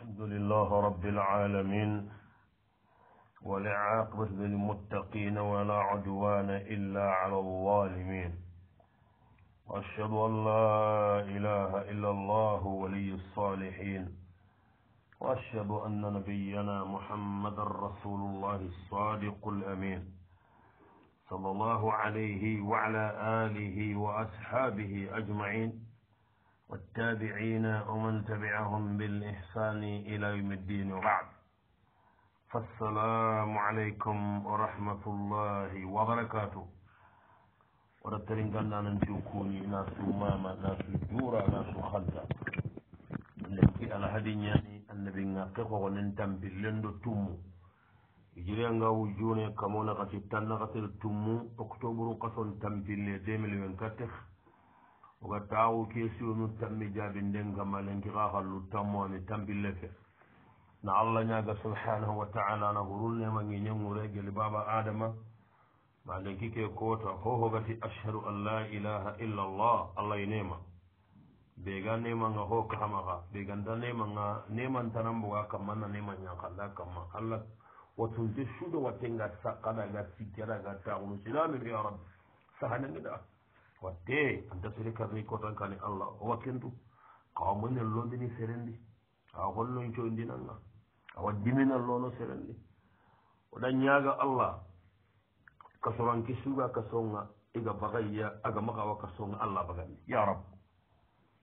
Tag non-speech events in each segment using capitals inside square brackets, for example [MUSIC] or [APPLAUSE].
الحمد لله رب العالمين ولعاقبة للمتقين ولا عدوان إلا على الظالمين وأشهد أن لا إله إلا الله ولي الصالحين وأشهد أن نبينا محمد رسول الله الصادق الأمين صلى الله عليه وعلى آله وأصحابه أجمعين والتابعين ومن تبعهم بالإحسان إلى يوم الدين وبعد فالسلام عليكم ورحمة الله وبركاته ورترين كان ننتوكوني ناس ماما ناس جورا ناس خلدا لكي على هديني النبي ناقق وننتم باللندو تمو jirianga wujune kamona kati tanna katel tummu octobre kason tampille 2024 oga tawu kesiyonu tammi jaabi ndengama lenki kakallu tammoni tambille fe na allah ñaga subhanahu wa taala na hurulnema ngiñenŋure geli baba adama ma lenki ke koota hohogati ashhadu an la ilaha illa allah allah inema e beega nemanga ho kamaga beganta nemanga nemantanan boga kamma na nemanñankalla kamma allah watunte sudo wattenga sakkadaga sikkeraga taunu silamin ya rabi sahanangeda wadde andasere kadi ko tan kani allah owa kendu kawa mone londini serendi awa holno coyndinanga awa dimina lono serendi oɗa ñaaga allah kasoranki suga kasonga iga bagaya aga makawa kasonga allah bagandi ya rab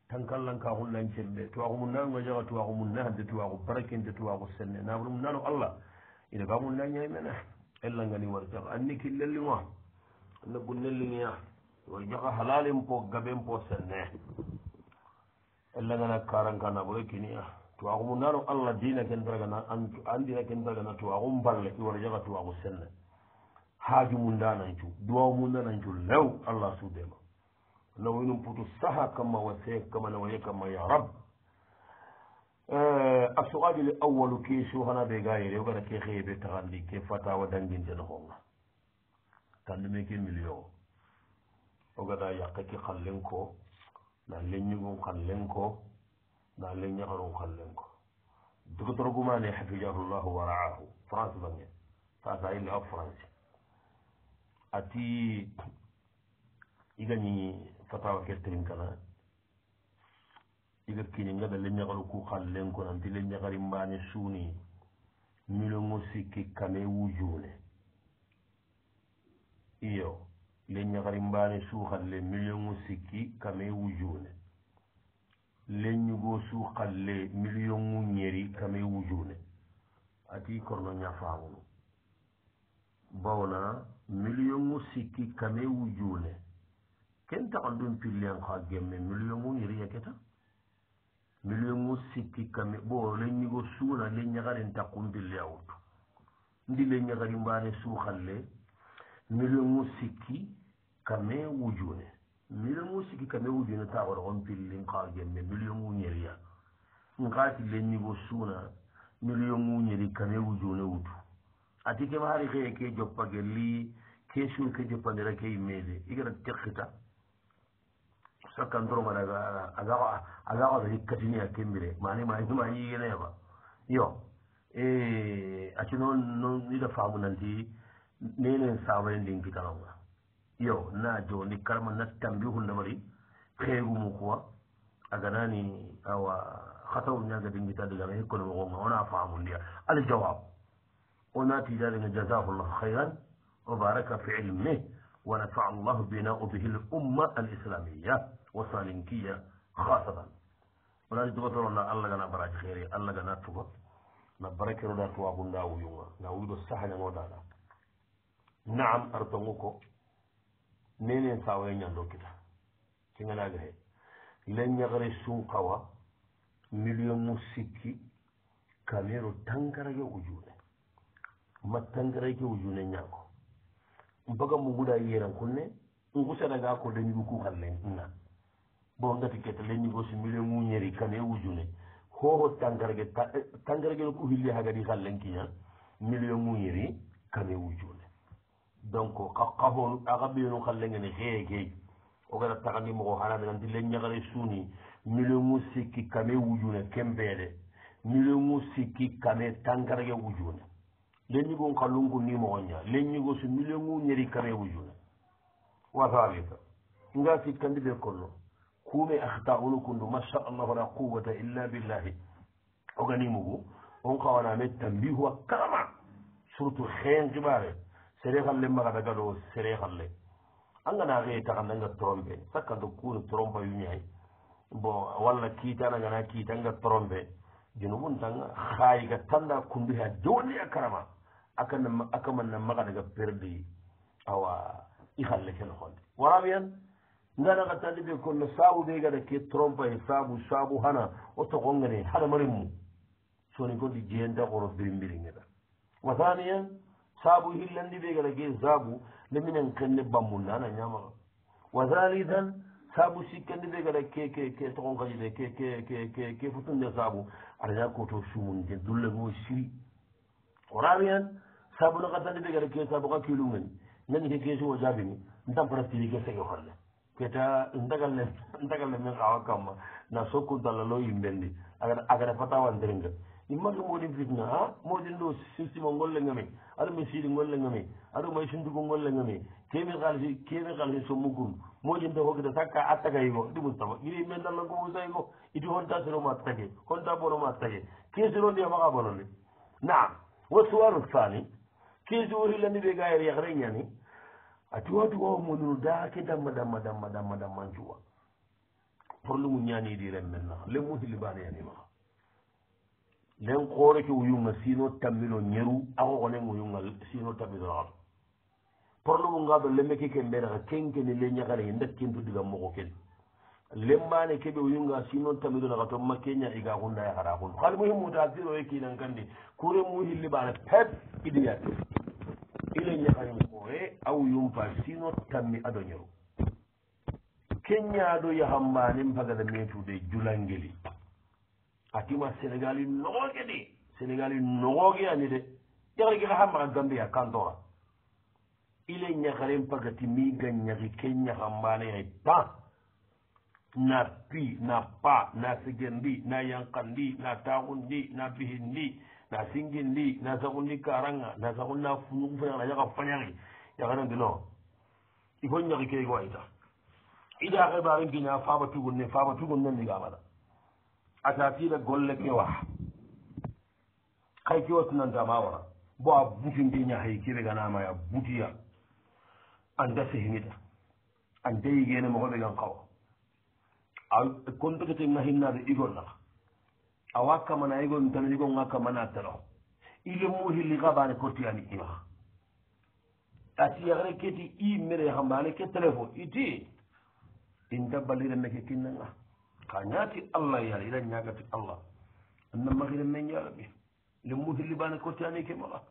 tan kallanka hullan celle tuwaku mum nanu ngajaga tuwaku mum nahde tuwaku barakende tuwaku senne nabru mum nanu allah ina gamum nañaymene e ellangani warjaga anni killelliwa anna gunnelliŋeya yo joxa halalin po gaben po senne ellagana karankana bore kinia ah, tuwaxumu naro allah dina ken taragana an dina ken taragana tuwaxum balle i wara joxa tuwaxu senne hajumu ndanancu duwaumu ndanancu lew allah sudema nawinu putu saha kamma wa se kama nawaye kamma ya rab eh, a sukadile awalu ke suhana be gayere ogana ke xeye be taxandi ke fatawa danginteno xonga tandume ke million o gada yakkaki xallen ko da leñugum xallen ko da leñaxarum xallen ko dogotorogumane xafijatullahu waraahu france bange sasa i lea france ati igañi fatawa ke trin kana iga kini ngada leñaxaru ku xallen ko nanti leñaxari mbaani suuni milongo sikki kame wujuune iyo le ñaxarimbaane suuxal le million ŋu sikki kamee wujuune le ñugoo suuxal le million ŋu ñeri kamee wujuune ati korno ñafaaŋunu bawna million ŋu sikki kamee wujuune ken taxal dun pilleen xa gemme million ŋu ñeri yaketa million ŋu sikki kame bo le ñigoo suuna le ñaxarin taqum pille awutu ndi le ñaxarimbaane suuxal le million ŋu sikki kame wujune milemu sigi kame wujune tawara on pilli nka gemme million uñeriya nka tille ñigo suuna million uñeri kame wujune wutu ati kema hari xeye ke joppage li ke suur ke joppandira ke yimmede igana tekxita sakkantoromaɗ aga xotai katinia kembire manema yigeneyaba yo ati noon ida faamu nanti nene saabayen ɗinkitanonga yo na joni kalma nastanbihu namari xeegumu quoi aganani awa khatawu ñaga dingita digana hikkono mogonga wona faamundiya aljawab o naatiidalenga jasakullahu hayran wa baraka fi ilmih wa nafa'a llahu binau bihi l umma al islamiya wa salinkiya khasatan onaati dugatorona allah gana baraji xeere allah gana tuga na barakeroɗa tuwagu ndawuyunga ndawuyuɗo sahañangoɗaɗa naam artongu ko nenen sawaya ñando kita cengalaga he ila ñagare sun kawa million mu sikki kamero tangarage ujune ma tangarage ujune ñako mbaga mu guda yeran kunne ngusanaga ko leñigu ku kanne nga bo ngati keta leñigo si million mu ñeri kame ujune hoho tangarage eh, tangarage ku hilli hagadi xallenkiña million mu ñeri kame ujune donc ka kafoon aga ɓeenu xa leng ene xee geeg o gata taxandi moxo xaraɓenanti le ñaxare suuni milongu sikki kame wujuune kembeede milongu sikki kame tangarage wujuune le ñigon xa lungu ni moxo ña le ñigo su milongu ñeri kame wujuune wasaalika nga sikkandi ɓe kollo kuume axta unu kundu masa allahu la quwata illa billahi oga ni mugu on xawanaame tambihuwa karama surtout xeen xibaare sereexal le maxa daga doo sereexal le a nga naa xee taxa nanga trompe sakkanto kuunu trompe yu ñaay bon walla kiitana nga naa kiita nga trompe junu mun tanga xaay ga tanda kundi ha jooni a karama akana aka man na maxa daga perdi awa i xal le kene xonde waraam yan ngana xa tandi ɓe kon no saabu ɓe gada ke trompe ye saabu saabu xana o toxongene hadamarin mu soni kondi jeenta xoro birimbiringeda wasaniyan saabu hillandi ɓe gala gee saabu nde minen kenne bammunnana ñamaa wa halican saabu sikkandi ɓe gala ke ke ke togon kaji ɗe ke ke ke ke ke futunde saabu aɗaña koto sumunde dulle goo siri oraɓian saabu na gatandi ɓe gala ke saabu ka kiilungeni ñani ke keesi wo jaabini ndam pratiri ke sege falle keta ndagalle ndagalle [LAUGHS] min awa kamma na sokkuntallalo yimbendi agata fatawa ndiringa imman ɗum woni fitna ha moɗin ɗo sisimo gollega me aɗa mi siiɗi gollega me aɗa may sindugu gollega me kemi halsi kemi halsi sommugum moƴin ta hokkita takka attakay go ɗi moustapha ini men dallanko musay go iti honta sinoma attake honta bonoma attake kesiro ndiya maka bonone naam wo suwaru sani kesi worilandi ɓe gayer yakre ñani atiwatuwa moninu daake damma damma damma damma damma cuwa porlumu ñani ɗi ren men naa lemmu hilibane yanimaa nen koore ke wuyunga sino tammino ñeru axoxone wuyunga sino tammino xam probleme nga do lembe ke ken mbeeraxa keng kene le ñaxale ye ndak kentu diga moxo ken lembane keɓe wuyunga sino tammino naxa to ma ke ña iga xundaye xara xun xal muhimmuta siro ye kinankandi kure mu xilli baana pep idiyat ile ñaxale moxe a wuyum fa sino tammi a do ñeru ke ñaado yaxambanen pagada metude julangeli a tima sénégali nogooke de sénégali nogooke ani de yaxri kexa xa maxa gambia kantora ile ñaxaren pagati mi ga ñaxi ke ñaxa mbaane xe tan na pi na pa na segendi na yankandi na taxundi na bihindi na singindi na saxundi karanga na saxun na fuñugu fañaxa na yaxa fañaxi yaxarendi no il faut ñaxi keyegoa ita ida xebaren gina faba tugun ne faba tugun ne ndigabada ata fiiɓe golle kewa hay kewatunanta ma wona bo a butindiña hay kiɓeganama a butiya anda sehimita andayi gene mogoɓe gan kawa a contrétena hinnaɓe igol naka awa kamana igol tan igol ga kamana talo ile mu hilli kabane kottiyani imaa atiyaxre keti i mere yaxa mbane ke téléphone e iti in ta ballirenneke kinnanga ka ñaati allah yaala ila ñagati allah anna mahiren men yaalaɓe lemmu hillibane kottani ke maxa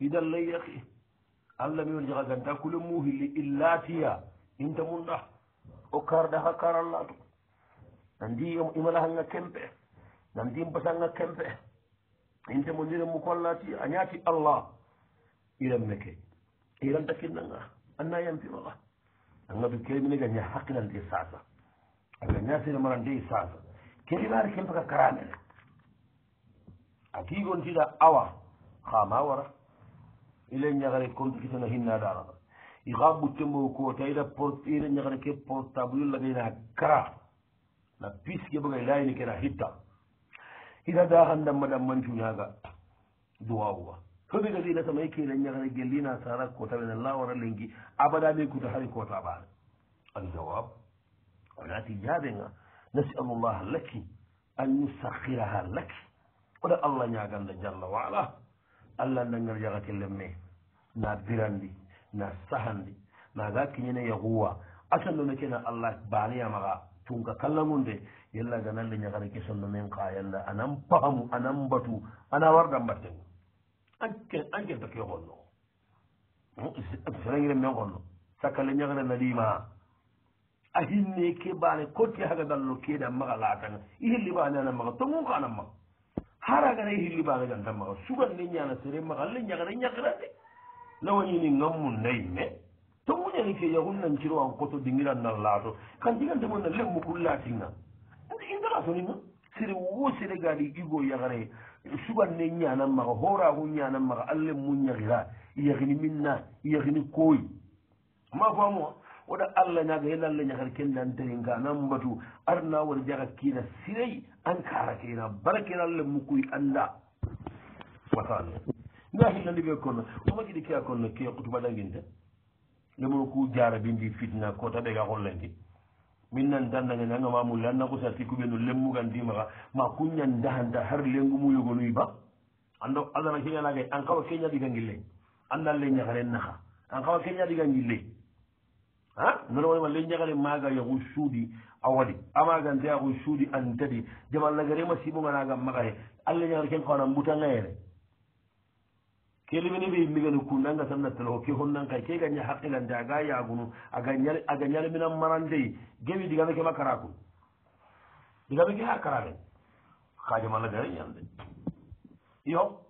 idan lay yaqi allah mi won jaxa ganta kule mu hilli illatiya inta mun ɗa o karɗa xa karallatu nandi imalaxanga kempe nandi mbasanga kempe inte mo ndire mu kollati a ñaati allah iran meke iran takinnanga anna yampimaxa anga du kemine gaña haqilante sasa aɓe mercine mona ndey sage keɗi waari kempaka karamele a tiigontiɗa awa xama wara ila ñagare compliquitena hinnaɗaraa ixa ɓuttemo koota ila ila ñagare ke portable ulagayna kara na pis ke ɓogay layini kena hitta ina daxan damma dammantuñaaga duwawuwa soɓiga linatamay kela ñagare gellina sara koota wena lawara lengi abada ɓe kuta hay koota ɓaare al jawab wonaati jaabenga nasi alllah laki an yusakiraha laki oɗa allah ñaganda jalla waala allah ndangar jagatillemme na birandi na sahandi naga kiñene yahuwa asandone kena allah baaniyamaga tunka kallamunde yalla ganalle ñagari ke sonno men ka yalla anan pahamu anan batu ana warda mbatten an kentake gonno serengiren men gonno sakkale ñagare nalima a hinne kebaane kotti hagadallo keeda maga laatanga i hillibaaneana maga tongunkaana maga haragana i hillibaage ganta maga sugande ñana sere maga alle ñagara ñagirande nawañini ngammu nayi me tonguñani keeyahun nanciroan koto dingirannan laato kanjigante mona lemmu kullaatinga indaga soninga sere wo sere gaadi igoo yagare sugande ñana maga horaagu ñana maga allemmu ñagira yagini min na yagini kooyi ma famoa woɗa allah ñaga yel allah ñagata kennanterin ka nan batu arna wona jaga kiina sirey an kara keena bara ken allah mukkuy annda wasano nda hilla ndege konno o majiɗi kea konno ke kutubaɗanginde lemono ku jara bindi fitna ko taɓega hollandi min nan dandagani anga mamulle anna ko sa sikkuɓe no lemmugandimaka ma kuñan dahanda har lengu muyogonuy ba ando allah na keñanagay an kawa keñaɗigangi ley annalle ñagaren naha an kawa keñaɗigangi ley ha nono wonima ley ñagale maaga yahu suudi a waɗi amagante yahu suudi an tati jamallagarima siɓoganaga magahe allah ñagale ken kawana mbutangayene ke limini mbi mbigani kundanga sanna teloo ke honnankay ke gaña haqqegante aga yagunu aga ñalemina marandeyi gewi digame ke makara kun digame ke ha karaɓen ka jamallagare ñande yo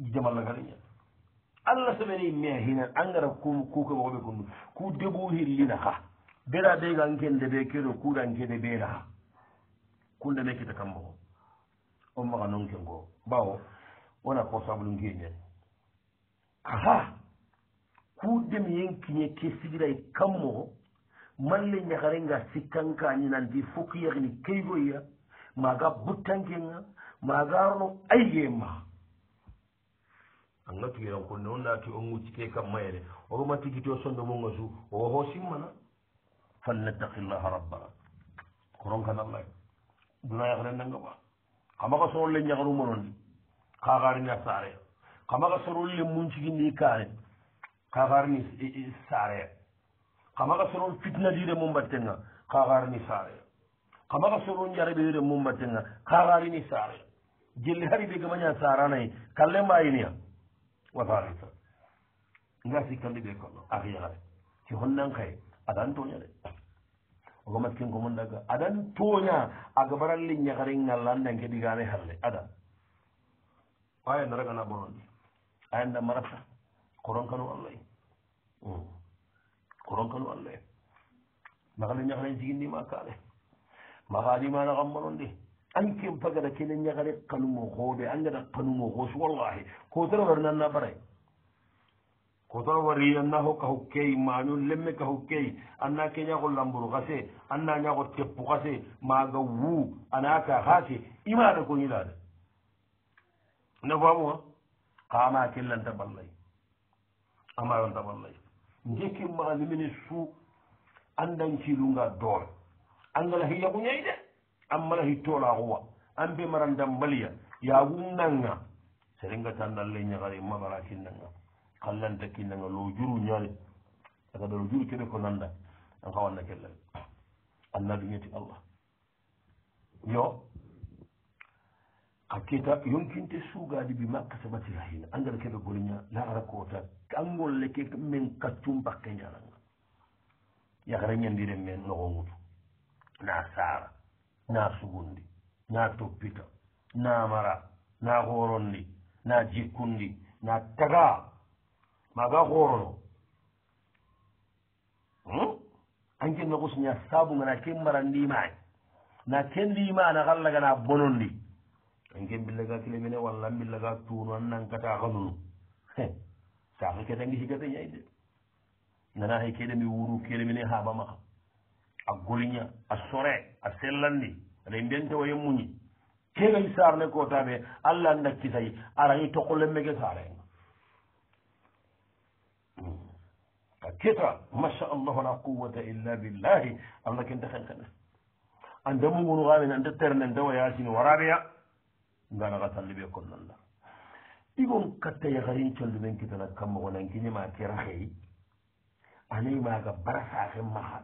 jamallagare ñande allah semeni mea hinan angara kuke ɓoɓe kundu ku debu hillina ha bera be gan da be kero ku gan kede bera ha da nake ta kambo o maga non kengo bawo wona ko sablu ngenye aha ku dem yen kinye kesigira kammo malle nan sikkanka ñinandi fukiyagini keygoya maga buttankenga magarno ayyema a ngatuyiran ko noon naati o ŋuccike kam mayere o ruma tigi to sonde mo ŋasu o hoo simmana fal nattaki llaha rabbana koronkan allah dunayahre nanga ba kamaka soro le ñagaruma non di kaakarini a saare kamaka soro le muncigindi kaare kaakarini saare kamaka soro fitna diire mum batte nga kaakarini saare kamaka soro njareɓeire mum batte nga kaakarini saare jelli hari be gamaña saaranayi kallemba yiniya wafaarita nga sikkandi ɓe kollo ahiyaare ti honnan kaye aɗan tooña de ogamat ken ko mondaga aɗan tooña aga baralli ñakaren ngallandanke ɗigane halle aɗan ayanda ragana bonondi ayanda marata koronkanu allahy hmm. koronkanu allahy magale ñakaren siginndima kaale ma haadimana kam bonondi anke pagata kene ñagare kanumo hoode angeta kanumo hoos wallahi kotara wari nanna bara kotara wari anna hokka hukkeyi mañu lemme ka hukkeyi anna keñago lamburu hase anna ñago teppu hase maga wu anaka hase imaɗa koñilaɗa na famuwa kama kellanta ballay amaronta ballay jekki maalimini su andan cilunga dool angala hiyaku ñayde an mana hittolaxuwa an be maran dambaliya yagunnanga serengatandalle ñagare mabara kinnanga kallanta kinnanga lojuru ñale aga da lojuru kede ko nanda an xawanna kellal anna duñeti allah yo xa keta yonkinte sugadi bi makka sabati rahina angara keɓe goliña laxara kota angolle ke men kaccum pakke ñananga yaxere ñandiren men noxo ngutu na sara naa sugundi naa toppita naa mara naa hoorondi naa jikkundi naa tagaa maaga hoorono ankin na hmm? kusuña saabunga na ken marandimaay na ken limana xallaga na bonondi anken billaga kilemene walla billaga tuunu an nankata xanunu saaxe ke dangi higata ñay de nana xay kedemi wuru kelemene haɓamaxa a goliña a soree a sellanndi aɗa mbiyante waye muñi kegay saarne kotaaɓe allah ndakkisay arani tokolemmege saarenga a keta machallah la quwata illa billahi allah kente xenxene andamugunu xaɓene anda terne nda wayasin waraɓeya ganaxa salliɓe konnanla igon kattaye xarin colluɓen kitana kammoxonankinima keraxey anay maaga barasaxe maxa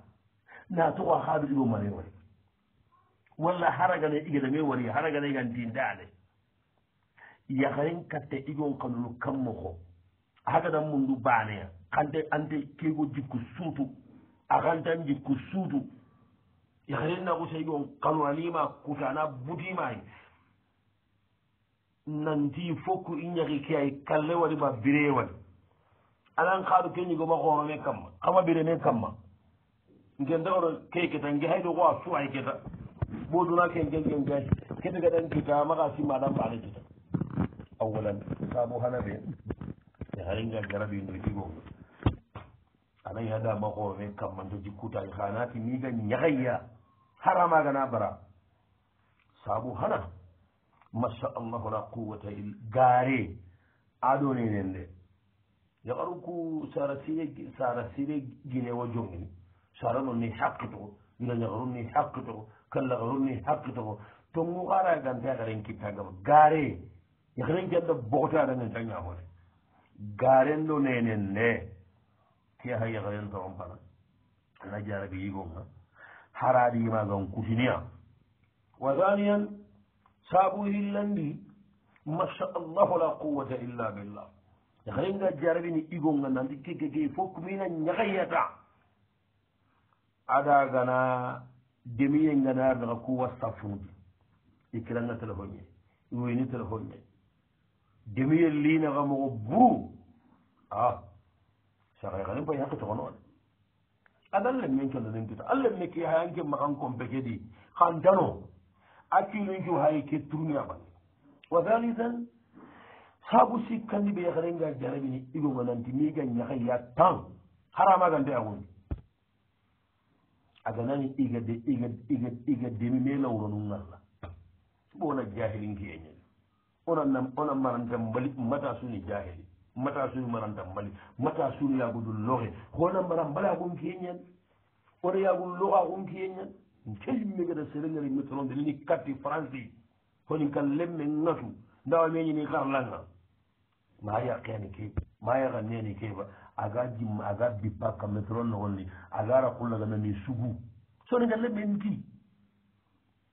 naa tuxa xaaɓi ɗigo manewoy walla haragane igeda me wari haragane gan dindaale yaharen katte igon kanunu kammoko hagadan mundu baaneya kante ante kego jikku suutu akantan jikku suutu yaharen nakusa igon kanuanima kutana butimai nanti fokku iñaki keay kalle wadima bire wadi anan kaaru keñigoma koome kamma kama bire me kamma ngendaoro keketa nge haydo koa suwa keta ɓoduna ke gelgel gay keɗe gaɗan juta maga si maɗan mbaɗa juta awalan saabu hana ɓe e harenga garaɓindo jigonga anayi hadama koome kammanto jikkutaji hanati niga ñahayya haramagana bara saabu hana masha allahu la quwata il gaare aɗo nenen nde yaharu ku sara sire sara sire guine wo jongini sara noon ni hakqe to ina yaharu ni hakqe to kalla ko runni hakkito ko tongu ara gante a karen kitta gama gaare yakren e jaɗɗo bogote aɗanen ta ñamote garen ɗo nenen nde ke ha yakren e toon pana ana jaraɓe yigonga haraɗimagan kutiniya wa haniyan saabu hillandi masha allahu la quwata illa billah yakrenga e jaraɓini igonga nanti kekeke fof mina ñakayata aɗa gana demiyen ganar daga kuwa safundi ikiranga telefonye iwoyini telefonye demiyen linaga mogo buru ah, a sakaykanin fa yake togonoode adallem men kelonentita allem neke hayanke makan kompekedi hantano akilunki haye ke turni abane wa halitan sabu sikkandi ɓe yakarenga jarabini igo ganantimiga yaka ya tan haramagante agundi aga nani iga de iga iga iga demi me lawro nu ngalla ɓona jahili ngeñen ona nam ona maranta mbali mata suni jahili mata suni maranta mbali mata suni yagudu loxe hona mara mbalagu ngeñen ona yagu loxagu ngeñen ntelimme gata serengari metronde leni carti franci honin kan lemme ngatu ndawameñini xarlanga maya qeni ke maya xa neni keba aga jimma aga bibbakka metron nogonni agara kullaga nani sugu soni galle menti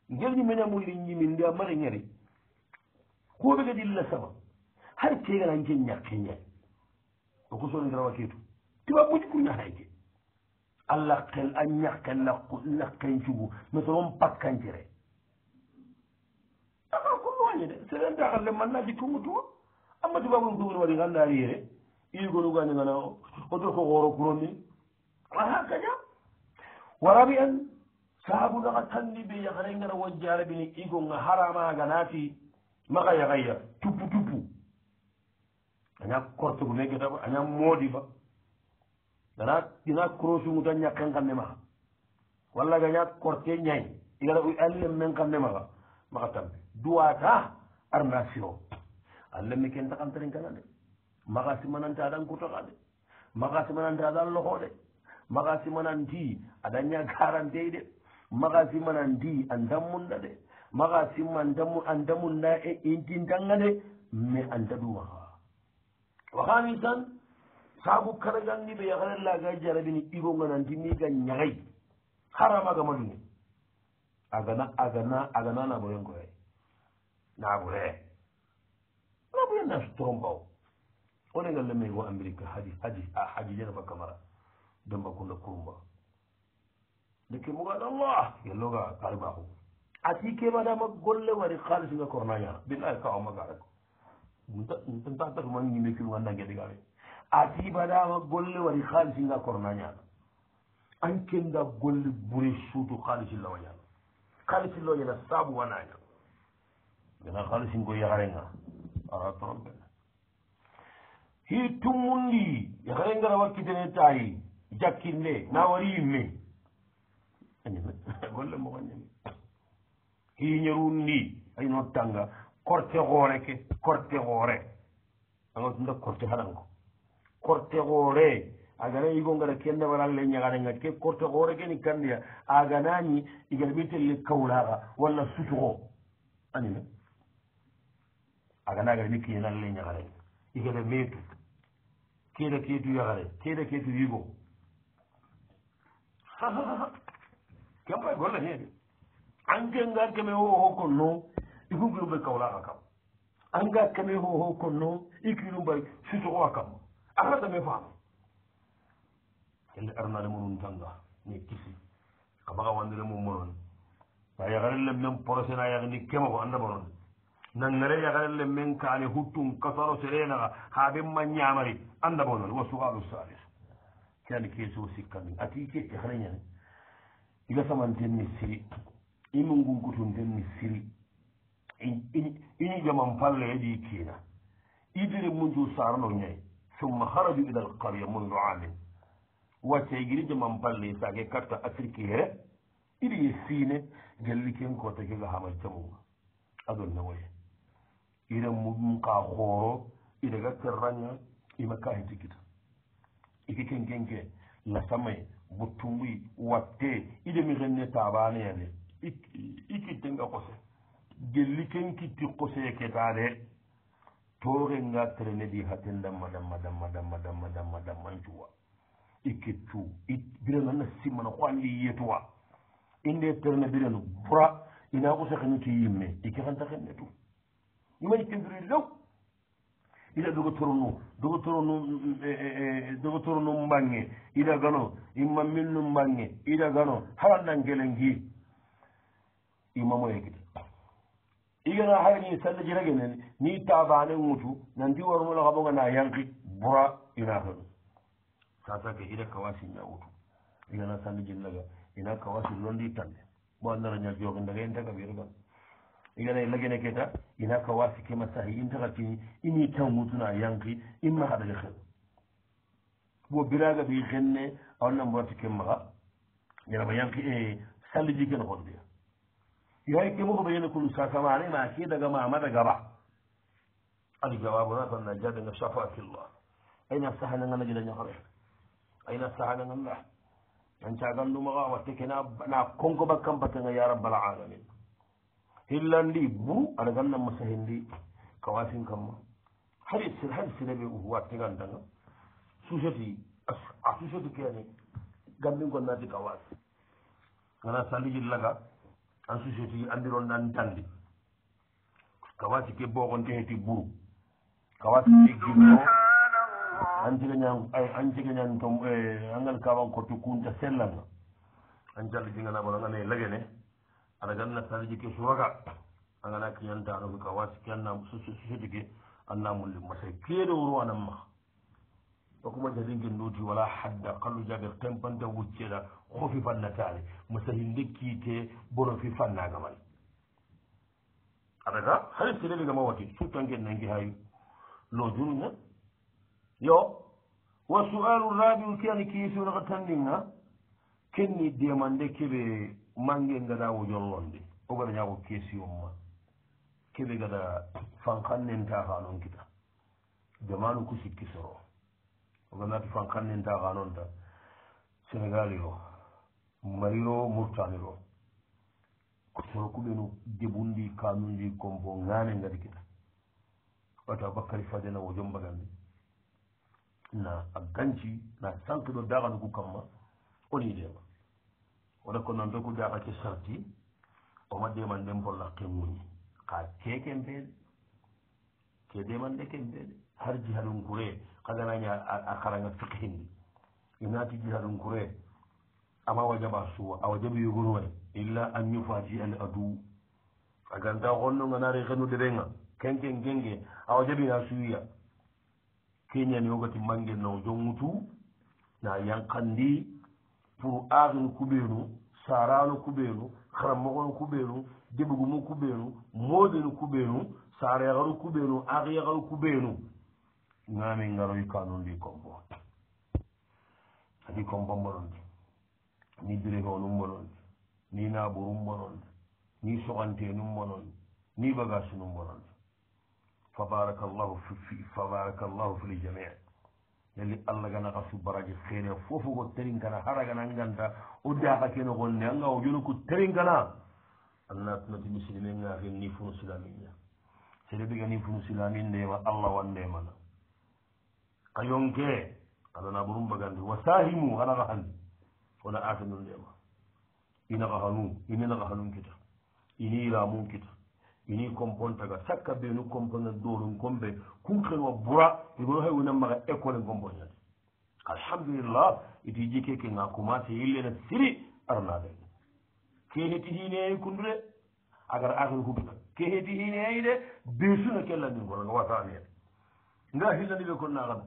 gerni mena mulinñi min nde a mari ñeri kuɓe ga dilla sama hay keganañke ñakke ñay oko soni garawa ketu tiba muji kuñahayke a lakkel a ñakke lakku lakken cugu metron pakkancere aa kullowañe de seren taxalle manna jikkongo tuwa amma tubabu ɗugni waɗi gandariyere iigoluganingana otor ko gooro kuronni waha kaƴa warabi an saabunaka tanni be yakarengana wojjarabini igonga haramaganaati maka yakaya tuppu tuppu aña kortegunegetaba aña moodi fa gana gina krosunguta ñakken kamme maha walla gaña korte ñay igana allem men kamme maha maka tambe duwata armasio allemme ken takantarin kana de magasi mananti aɗan kutoka de magasi mananti aɗan loho de magasi mananti aɗanya garantei de magasi mananti andammunda de magasi andamunna e intintanga de mai andadumaha wahani tan sabu karaganni ɓe yahare laga jarabini ɗigonga nantini ga ñahay haramagamaɗune agana agana agana naɓoyenkoye naɓore naɓoyen nas trompao onega lemey wo amérique haji haji a haji jenaba camara demba kunda kurumba deke mogaɗo allah yalloga kalibaku ati kemadama golle wari haliss nga kornañana billahi kawamaga rek tatakmaimbe kilugandangedigaɓe ati badama golle wari haliss nga kornañana an kenga golle bure suutu haliss lawañana haliss lawañana sabu wanaña gana haliss ngo yaarenga ara trompe hii tummundi yakare ngara wakkitene taayi jakkinde na wari yimme [LAUGHS] golle moko ñami hii ñerundi ayino tanga korte koore ke korte koore anga tunda korte hananko korte koore agana yigo ngara kenne waralle ñagane ngat ke korte koore keni kandiya aganañi igara ɓitelle kawlaka walla sutuko anime agana agara mikkiñanalle ñagare igara metu keeda keetu yaxare keeda keetu yigo kempa golla heede angenga keme o ho kon noo i fuglumba kawlaxa kam anga keme ho ho kon noo i kilumba sutoxoa kam axa dame faam kende arnale munum tanga ne kisi xa baxa wandiremu moron ta yaxare lemmen procé na yaxini kema fo andabarode nannere yagarelle men kaani huttun kasaro serenaga ha benma ñamari andabonon wa sualu salis keani keso sikkami ati kecce hareñani igasamanten ni siri imungunkutunten ni siri iñiƴaman palle eɗi kiina idiri muncu sarano ñayi summa haraju ila alqarya mundu amin wacce igiri jaman palle sake katta afrique here iɗi siine gelli ken kotakega hamaccamuga adonne waye ire muɗum ka hooro iɗaga terraña ima kaye tigita iki ken genke lasamay buttumuy watte iɗemi xenne tabaneya de ikittenga kose gelli ken kitti kose ketade toxenga terene di haten damma damma damma damma damma damma damman cuwa ikittu birenana simana xoanli yetuwa inde terene birenu bura ina kuse xenuti yimme ike xanta xennetu imani tendiride dow ila dogotoronu dogotoronu eh, eh, eh, dogotoronu mbange ila gano imma minnu mbange ila gano haranɗan gele gi imamoye gidi igana hayni salla jiragenen ni tabane ŋutu nanti warmolakaboga na yanki bura inakenu sasake ila kawasiña utu igana salla jirlaga ina kawasi londi tande bo andara ñal jooge ndaga intagabiregana yona lagene e keta ina ka wasi kema sahi in taxa kini ini tan mutuna yanki in maxa daga xen bo biraga bi xenne awna mborti ke maxa yenama yanki eh, salliji ke no xon fiya yoxay ke moxoɓa yene kulu sasamane ma ke daga mama dagaba adi gawabona fanna jadanga chafakillah ayna saxanangana jila ñaxare ayna saxanangana an cagan ɗumaxa watte kena na konko bakkam batenga yarabbala alamin hillandi buru aɗa ganna masa hindi ka wasin kamma hari sir hari sire be uhuwa tigandanga susati a susati kiyani gambin gonnati ka wasi gana sali jillaga an susati andiron dan dandi ka wasi ke bogon te heti buru ka wasi ke gimno antiga ñan ay antiga ñan tom eh, e angal kawan kotu kunta sellanga an jalli jingana bona ngane lagene aɗa ganna salji ke suwaga agana kiñanta ano ka wasi kianna sosiété ke anna mulli ma say keede wuro anan ma okuma jatinke nduti wala hadda kallu jagar tempanta wucceɗa hofi fannataale ma sahi nde kiite bono fi fannagamal aɗaga hay seɗeli gama wati suttanke nanki hayu lojuru ne yo wa sualu rabiu kiani kiisi wonaka tandinga kenni demande keɓe mange ngada wo jollonde o gada ñaako question ma keɓe gada fanxannenta ha noon kita jamanu ku sikki soro o gandati fanxannenta ha noon ta sénégali o mariro mourtaniro soro ku ɓenu jebundi kanundi compo ngane ngadi kita wata bakkari fadena wo jombagandi na a ganci na sankiɗo daxani ku kamma oni deema wona ko noon dogu gaɓake sardi oma deman ɗen bolla qemmuñi ka keken beeɗe ke deman ɗe ken beeɗe har jihalu ngure kadanañi a karaga fiqhindi i naati jihalu ngure ama wa jaɓa suwa awa jaɓi yogunway illa an ñufaji al adou a ganta xonnonga naare xenudeɓenga kenken genge awa jaɓina suwiya keñani ogati mangue no jongutu na yankandi pour aaduno kuɓeenu saaraano kuɓeenu xaramoxono kuɓeenu deɓugumu kuɓeenu moodenu kuɓeenu saareexaru kuɓeenu aaxyexaru kuɓeenu ngaami ngaroy kaanu ndi kombo adi kombo mbononde ni dirégeonu mbononde ni naaburu mbononde ni soxanteenu mbononde ni bagasunu mbononde fabaraka llahu fabaraka llahu fi li jamir yalli allah gana ka subbaraji xeene fofu ko teringana haragana nganta o daaka kene gonne anga o jono ko teringana annatunati musilime ngaafen ni funu silamiña sede ɓiga ni funu silami ndema allah wandemana ka yonke kalana borum bagandi wa sahimu haraka han wona aatenu ndema inaka hanu ininaka hanum kita ini yiramum kita ini compontaga sakka ɓeenu compona dorun comɓe kunkeno bura igono hay wonamaga école gomboñade alhamdulillah iti jikeke ga commencé yillene siri aranade ke heti hineyi kundude agara akri hubina ke heti hineyi de besuno kellandi gono no wasanihen nga hillandiɓe konnagana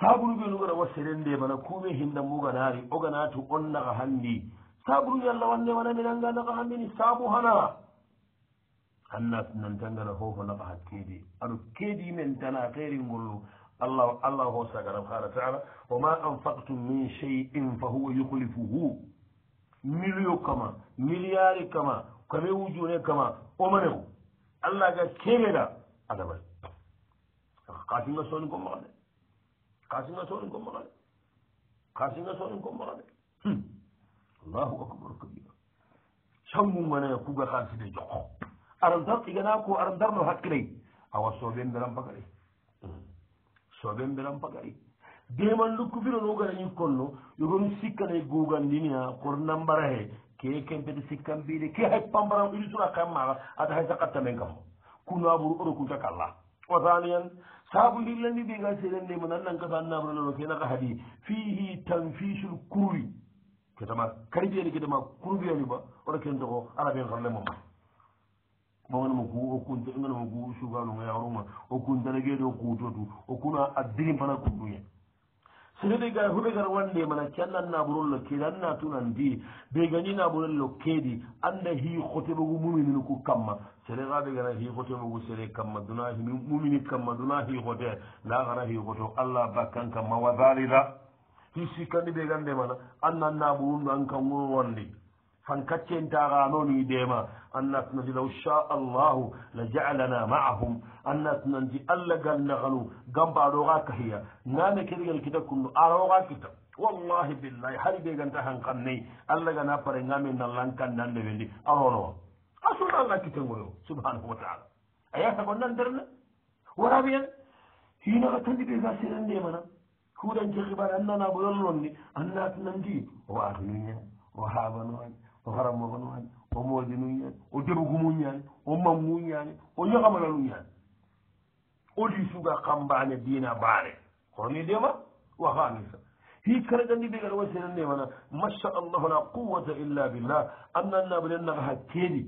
sabunugenu gara wa serende mana kuume hinda muganari oganatu onnaga handi sabunuge allah wanne wana minanga naga handini sabu hana hannaa non tan ngara hoofo naɓa ha keedi aɗo keedi men tan a xeeri ngollu allah allah ho sagaram haala taala wo ma anfaktum min chey in fa huwa yuhlifu hu milio kama milliard kama kame wujune kama omaneu allah ga keeɓeɗa adabal kasinga sooni ko maxade kasinga sooni ko maxade kasinga sooni ko maxade hmm. allahu akbar kabira cangu ngane kuga xaalside joko aɗan tartigana ko aɗan darno hakkilay awa soɓen mbiran pagari mm. soɓen mbiran pagari deman lukkubiro nogana ñikkonno yogomi sikkana e gugandinia kor nambara he ke kempede sikkan mbiɗe ke hay pambaran uditura kam maga ada hay sakatta men kam kunu aburu oɗo kunta kalla otanian sabudillandi ɓega seɗen nde mo nannankata nabralelo kenaka haadi fihi tanfisul kurwi ketama kari biyani kedema kurbiyaniba oɗo ken togo ala ɓen horlemo ma bawanama ku o kunta ganama ku sugaanuma yaruma o kuntana geede o kuutotu o kuna a digin fana kunduye sehede ga hube gara wande mana cannan naburol lo keedi an natunandi be gañi naburol lo keedi anda hi hotebogu muminin ku kamma sere gaɓe gana hi hotebogu sere kamma duna mumini kamma duna hi hote la gara hi hoto allah bakkan kamma wa dalila hi sikkandi ɓe gande mana annan naburundu an kan wuro wandi فانكتشن تاغانوني ديما أنك نجي لو شاء الله لجعلنا معهم أنك نجي ألا قال نغلو قنب أروغاك هي نامي كده الكتاب كله أروغاك كتاب والله بالله هل بيغن تهان قني ألا قنا فرنغامي نلان كان نندي بندي أرونو أصول الله كتاب سبحانه وتعالى أيها تقول نندرنا ورابيا هنا قتندي بيغاسرين ديمنا kuuɗan jehiɓaɗa annana bo yollondi اننا nandi o waatu nuña o haabanooña o haramma ko nuñaani o moodi nuñaani o jorugu mu ñaani o mammu ñaani o ñoxamala nu ñaani odi suga xambaane diina baare horni deema waxaanisa hi kare ganndi ɓegata wasena ndemana macha allahu la quwata illa billah annanna bilen naga ha keeni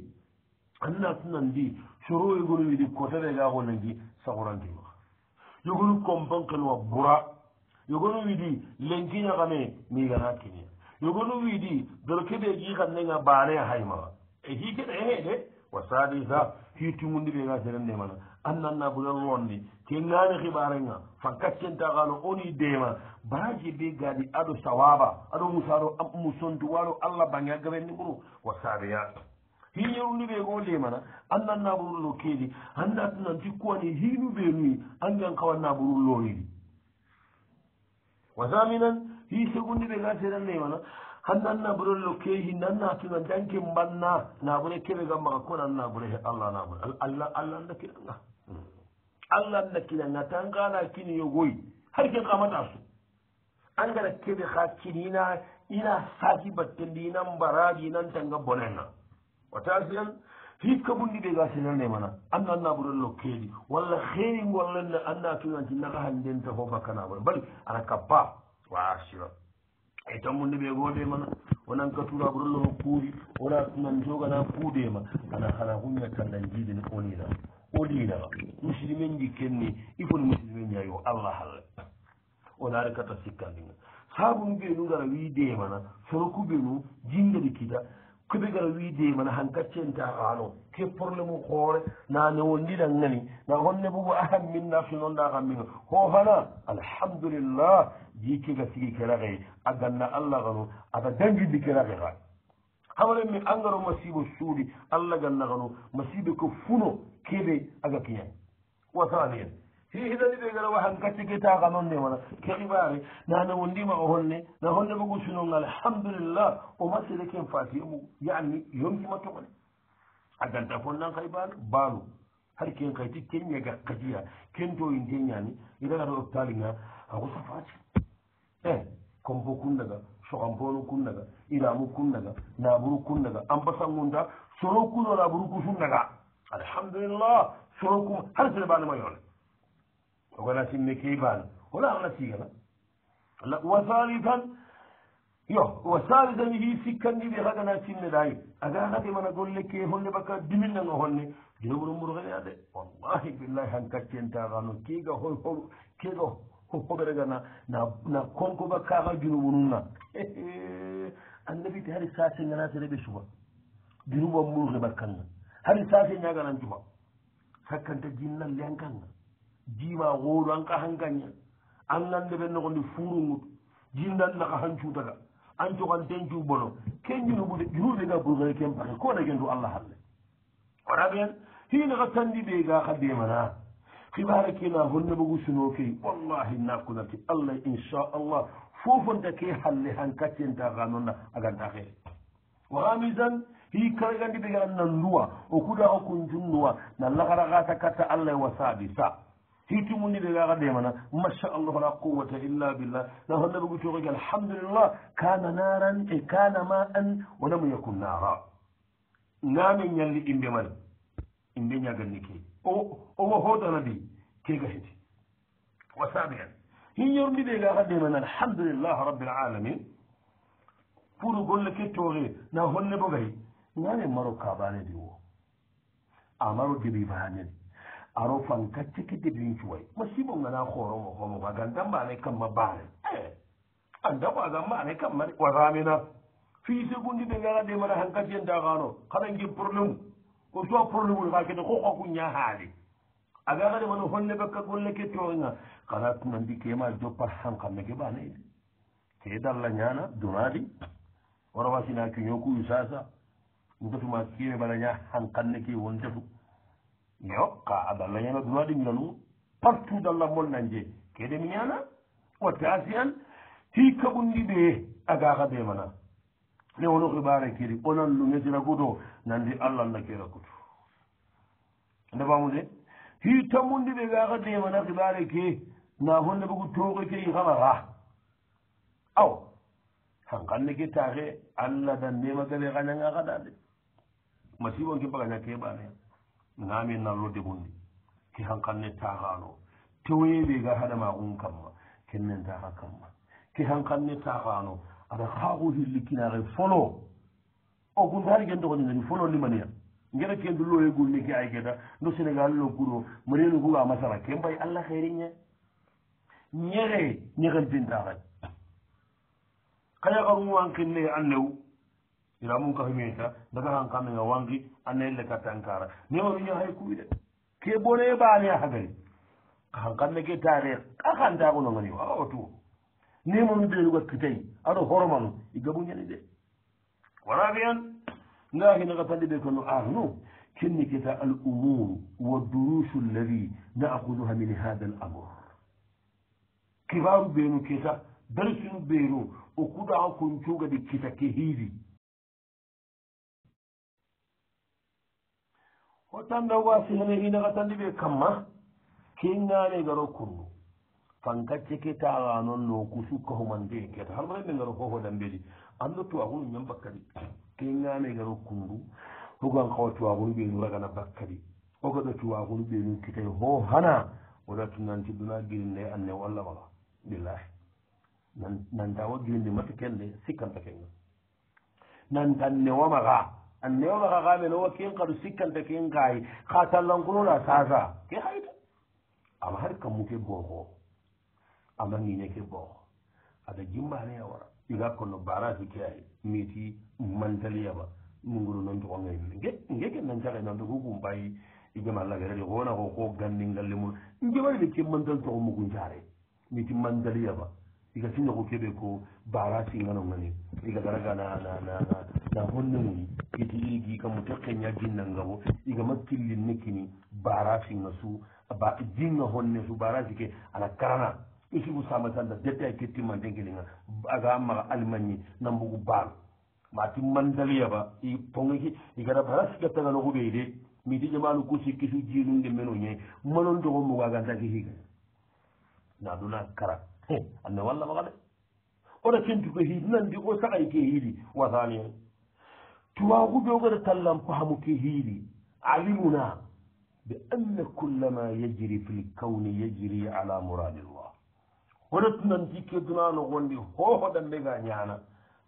anna sunan ndi soroyi e gono widi kotere ga gonangi saxurantima yogonu companqenwa bura yogonu widi lenkiñaxame miigana kinia yogonu wiidi doro keɓe jiikan nega baaneya hayma e hiikeɗe hee de wa sadisa hiirtimundi ɓega serendemana annanna bulalonni ke gaani xibarenga fan kaccentaxaalo oni deema baraji be gaadi aɗo sawaba aɗo musaro musontu waro allah bange a gabenni ɓuru wa sadiya hiñeruni ɓeego deemana annannaɓurulo keedi annatunanti kuwani hiinu ɓenui angan kawannaɓurulloyidi wa saminan hi segundi ɓe gartiran nayi wona han nanna bure lokke hi nanna hattuna janke mbanna naɓure keɓe gam maga ko nanna bure he allah naɓure allah allah andakkiranga allah andakkiranga tan gana kini yogoyi har ken kamata su an gara keɓe ha kinina ina saji batte ndinan mbaraji inan tanga bonenga watasiyan hikka bundi ɓe gasinanne mana an anna ɓuren lokkeli walla heeringollenne anna tunanti naga handenta fofakkanaɓure bali ana kappa wa arsira eyi tammunde ɓe woodemana wonan katuraɓo ɗollo ho kuuri wona tunan jogana kuudema ana hana huñna tandan jiiden onina oninama musidi men ji kenni il faut musidi men jayo allah halla onaare kata sikkandina saabunu ɓe nu gara wiidemana sono kuɓe nu jingadi kita kubigal wiide mana han gaccenta aano ke probléme hoore naane wo ndina ngani na honne bobo ahan min nafi noon ɗa kam mino ho hana alhamdulillah jikkega sigi keraxe a ganna allah ganu ata dangidi keraxe xa hamaren mi angaro masibo suuɗi allah ganna xanu masibe ko funo keɓe aga kiñan wasaliyen hihi dani ɓe gara wahan kaccike taaka noon ne wala ke xibaare nana wondima o honne na honne ɓogu sunong alhamdulillah oma sele ken fati mu yani yonkima toxone a ganta fonnan xay baalu baalu har ken xayti ken ñaga kadiya ken to in te ñani idagata hopitalinga axu safati e comme bo kun daga soxanponu kun daga iramu kun daga naburu kun daga ambasangunta soro kuno naburu kusun daga alhamdulillah soro kum har sele baanema yoone ogona timmi kibaalo wala ala sigala alla wa halitan yo wa halitan hi sikkandiɓe hagana timme ɗayi aga hade mana golle ke holle bakka dimillan o holle jowro murhaya de wallahi billahi han kaccentaga no kiga kiga hoɓerega na na konko bakkaka junubu nunna annabite hari sase ganaserebe suba junubu a murhe bakkanga hari sase ñaganan cuba sakkanta jinnalle han kanga diima wooru an ka han gaña an ande ɓen nokondi furungut jindan naka han cuutaga an cokan tencu bono kenjunu ɓute junudega ɓurgene ken pake ko na gentu allah halle wona ɓen hina ka tandi ɓe ga ka demana hibara kena honne ɓogu suno key wallahi nakunati allah inchallah fofonta ke halle han kaccenta ga nonna a ganta xee waramisan hi karagandi ɓegaan nan luwa o kuda o kuncun luwa na lakara gata katta allah wasaɓi sa hiti mun da ga da mana masha Allah la quwwata illa billah la handa bugu to ga alhamdulillah kana naran e kana ma'an wa lam yakun nara namin yalli imbe mal imbe nya ganni ke o o ho da nabi ke ga hiti wa sabiyan hin yormi da ga da mana alhamdulillah rabbil alamin puru golle ke tore na honne bugai ngane maro kabane diwo amaro gibi bahane aro fan gaccake debin cuway ma sibo ngana horomo homo agan dambane kamma bane eh an dawa agan bane kamma wa ramina fi se gundi de ngara de mara hankati en dagano kala ngi problème ko so problème ka kete ko ko kunya hali aga gade mano honne bakka golle ke toinga kala tuna ndi ke ma do pas hanka me ke bane te dalla nyana dunadi wara wasina kinyoku yusasa ndofuma kire bala nya hankanne ke wonde mi hokka aɗa lañana ɗum waɗi mila ɗum partout dallah molnan je keɗe mi ñana watte asiyan hikka ɓundi ɓe agaka ɓe mana ne wono hibara kiri onan ɗu ngesira kuto nandi allah nakira kuto ndefamu de hitta mundi ɓe gaka demana hibare ke na honde ɓogu toke ke i hamara aw hankanne ke taake allah dan demagale kañangakaɗade masibonke mbaga ñakke ɓanea ngaamin nallude bonndi ki han kamne taahaano tewoyeɓe ga haɗama un kamma kennen taaha kamma ki han kamne taahaano aɗa haaku hilli kinaare folo o gundaari gen tokoninani folo limaniya ngeɗa kendu looye gulni ki ay geda ndo sénégal lo kuno mariyenu kuga masara ke mbay allah xeeri ñe ñexe ñexel pintaxa kaya xa rumwang kenne annew iramum kafe meta ndaga xan kamnega wangi annayille kattankara newaruño hay kuuɗe ke bone e baane ha gari kahan kamme ke taarer ka hantakono gani wawa tuwo nemomi ɓeeruga kitayi aɗo hormanu i gabuñani de wala biyan nga hinaka talliɓe kono arno kinni keta al umour wa durusu allahi naakuduha min hada al amour kibaru ɓeenu keta darsunu ɓeenu o kuɗaa koncogadi kita ke hiidi o tanda wasi hene inaga tandi ɓe kamma kingane garo kunnu fankacce ke taga noon no kusukka humande keta halmaɗeɓe garo fofo dambedi anndo tuwabunu ñam bakkadi kingane garo kunndu hugan kawa tuwabunu ɓenu ragana bakkadi ogaɗo tuwabunu ɓenu kitay ho hana waɗatu nanti ɗuna girinde anne walla wala billahi nanta wa girinde mattu kende sikkanta kenga nanta newamaga an newoɓa kakaɓe lowa ken kaɗu sikkanta ken kaayi ka tallankunona sasa ke hayta ama har kammuke booho ama ngineke booho aɗa jimmaneya wara iga konno barasi ke ay miti mantaliyama mungoru nontoxongeyimme nge ke nancake nanto ku kumpayi i jamallagereri xona ko ko ganndingalle mun njemanide ke mantal toxo mugunsare miti mantaliyama iga sinoxu keɓe ko barasinganongani iga garaga na na na na honne muni kedi iligi kamu tekkeña dinnangawo iga makkilli nekkini bara finga su ba dinga honne su barasi ke ala karana isigu samasanda dette ay kettima denkelinga aga maga almagni nambugu baalo mati mandaliya ba pogeki igata barasike tagalogube de miti jamanu kusi kisu jinunde meno ñe manon togo mugo agantaki higa naduna kara anne walla maga de oda kentuko hiidi nandi o saxay ke hiidi wasaniyen tuwaagu doogata tallan pahamu ke hiiri alimuna be anna kullama yajiri fi lkawni yajiri ala muradillah honatu nanti ke dunaano gondi hohoɗande ga ñaana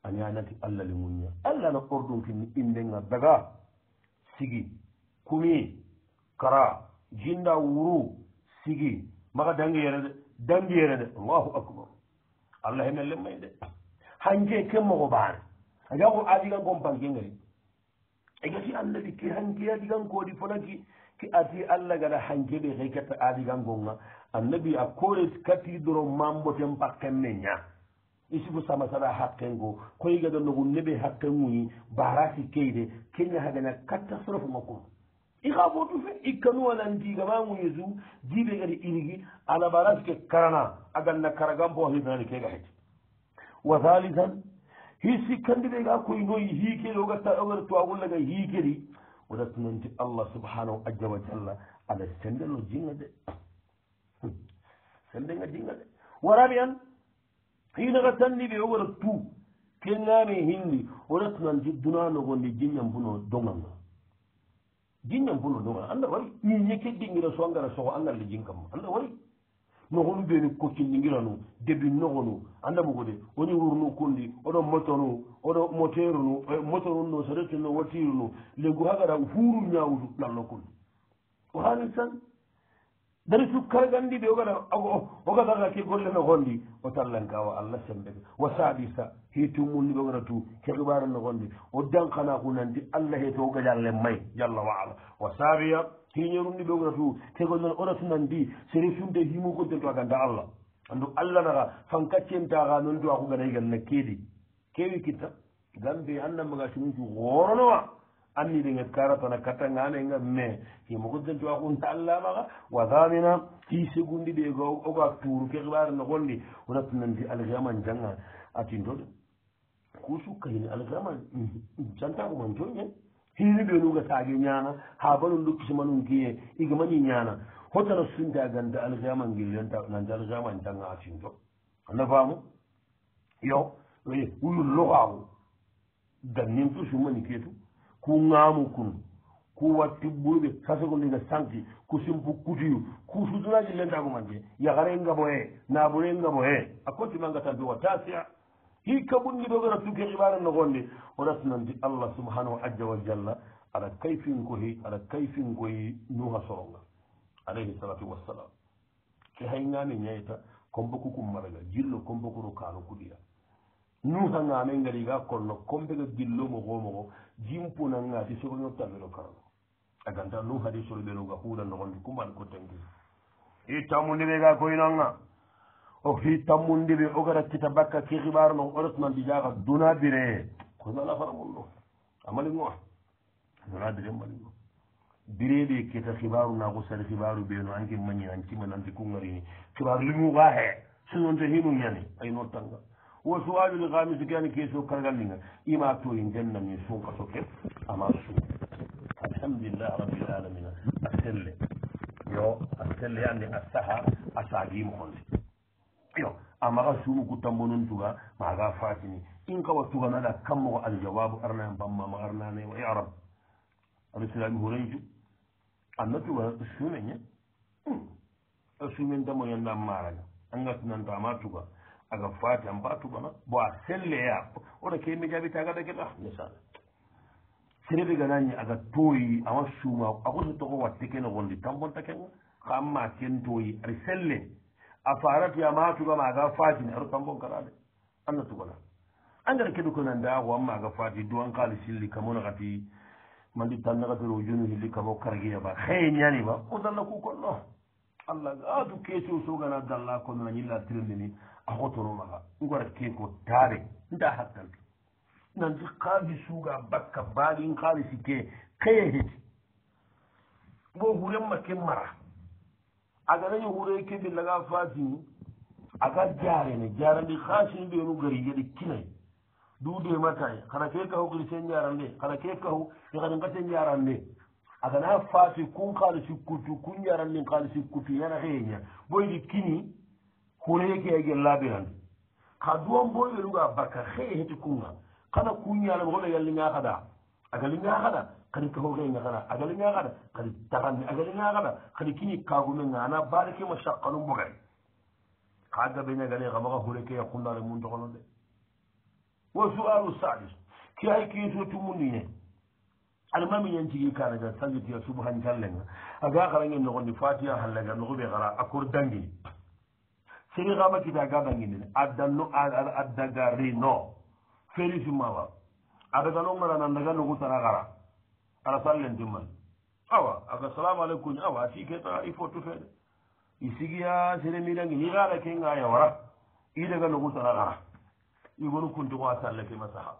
a ñaanati allah li muña allah na ordun kinni indenga daga sigi kumi kara jinda wuru sigi maga dangeyere de dangeyere de allahu akbar allah hemelle may de hanke ke mogo baane haja ko adigan kon bankengari egati allahdi ke hanke adigankoodi fonaki ke ati allah gara hanke ɓe xe ketta adigankonga annabi a kores kati doro mamboten pakken me ña isifo sama sara hakkengo koyigada nogu neɓe hakkenguyi barasi keyde kenga hagana catastrophe makkum ixa fotu fe ikkanuwalandigamamu yesu jiɓe gadi inigi ana barasike karana aganna karagan poaxi fenani kega xet wa halisan hisi kandire ga koye noyi hikeri o gatta ogara tuwa gollaga hikeri wadatu nonti allah subhanahu aja wa jalla ada sende lo jinga de sendega jinga de warami an hina ga tanniɓe ogara tu kengame hindi wadatu nanti dunanogondi jinñam buno dogaga jinñam buno doga anda wari ñeke ɗingira so angara soko angalle jinkamma anda wari nohon beni kokkindingiranu debi nohonu andamugode woni wurnu kundi oɗo motonu oɗo moterunu eh, motorunno sadetunno watirunu lengu hagara huru ñawutu lallo kundi o hani san dari su kargandi ɓe ogata ogatata ke gollene hondi o tallankawa allah sembeɓe wa saɓisa he tummunni ɓe ogata tu keɓiɓaranno honde o danhana hunandi allah he to o gajalle may jalla wa ala wa saabiya heñorum ɗi ɓegona tu te gol noon onatu nan ndi serefunde himugolden to a ganda allah andu allah naka fan kaccentaka noon duwa ku gana higal nakkeedi kewi kitta gambe annamaga sinuncu horonowa anni ɗe gekkara tana kattanganega mais himugolden to akunta allah maga wa damina ti segundi ɗe oga turu ke xiɓare no golli onatu nan ndi alhiaman janga atintoɗe ku sukkahini alhiaman cantakuman coñen hiiriɓe lugataage ñaana haa banum lukkisima num giye iga mañi ñaana hotara sunta ganda algama ngillenta nande algama n tanga asinto ana faamu yo wuyu logaamu dannin to summani keetu ku ŋaamu kun ku watti ɓurɓe sasegondinga sanki ku simpu kutiyu ku sutunaji lentagumande yahare ngaboye naabure ngaboye a kotimangatampi watta sia hikka ɓunni ɗo ɓeɗa tuke ibada nogonde o ratnandi allah subhanahu wa ajja wa jalla aɗa kayfinkoyi aɗa kayfinkoyi nuha soronga alayhi salatu wassalam e haygame ñayta kombaku kummaraga jillo kombakuro kaano kuɗiya nuha ngame ngariga kolno kombega gillo mo gomogo jimpunangati soko ñottamiro kaano a ganta nuhadi soro ɓenuga huɗa nogonde kumbaɗa ko tanki ittamu ndimega koynonga o fi tammundiɓe o gara kita bakka ki xiɓaro non o resna mbijaaka duna bire ko nana fara mum ɗo a maligoa duna bire maligo bireɓe kita xiɓaru naaku sari xiɓaru ɓeeno anke mañi an cima nanti kungarini xiɓaru liguga xe sinon te xinu ñani ay noot tanga wo suwaju li xamis ke ani keso kargal linga ima toyi njannani sunka soke ama su alhamdulilah rabilalamina a selle yo a selle ande a saha a saagimo xonde a maxa suumu kuttanbonun tuga maaga faatini in kawa tuganaɗa kam moxo aljawabu arnaye bamma ma arnanaye wa arab alislami hurayju anna tuga suumeña hmm. a suumen tamoyanda maraga angatinanta ama tuga aga faati an ba tugana bo a selleya oɗa ke mijabitagada keɗa misala serebe ganañi aga tooyi ama suuma a xusa toxo watte kene xondi tambonta kenga xa ma ken tooyi ari selle a farati a maatuga maaga faatini aɗo kambon kala de anna tugola andere keɗu ko nande a wan maaga faati duwan kaali silli kamo nakati mandi tannakatiro junu hilli kamo kargiya ba hee ñani ba o dalla ku konno allah gaatu keesio sogana dalla konnona ñilla tirindini a xotoro maga ngora ke ko taare nda hakkal nandi kaali suuga bakka baagin kaalisi ke keye heti bo guremma ke mara agarañi huroye kebi laga fatini aga jarene jarandi hasini ɓenu gari yeɗe kinayi duudematay xana ke kahu krise jarande xana ke kahu i xani ngate jarande agana fati kun xalisi kutu kun jarandi xalisi kutu yana xeyeña boyidi kini huroye ke age labirandi xa duwan boy ɓenuga barka xeye heti kunga xana kun ñalamoxo ɓe yalli ngaxada aga li ngaxada kadi ka hoge nga kana agali nga kana kadi tagandi agali nga kana kadi kini kagume nga ana barike ma shakkalu bugari kaga be nya gane gama hore ke yakunda le mun tokono de wa su'alu sadis ki ay ki to tumuni ne almami yan ci kana ga sanji tiya subhan jallenga aga kala ngi nokon di fatiha halaga no be gara akur dangi sini gama ki daga dangi ne addanno addaga rino ferisi mawa adaga no ngara nan daga no gutara gara ala sallen timmani awa aka salamu aleykum awa a siketa i fottu feede i sigiya sene miidangi ni raala kenga ya wara i daga nogu sana ara i gonu kuntugo a salle ke ma saha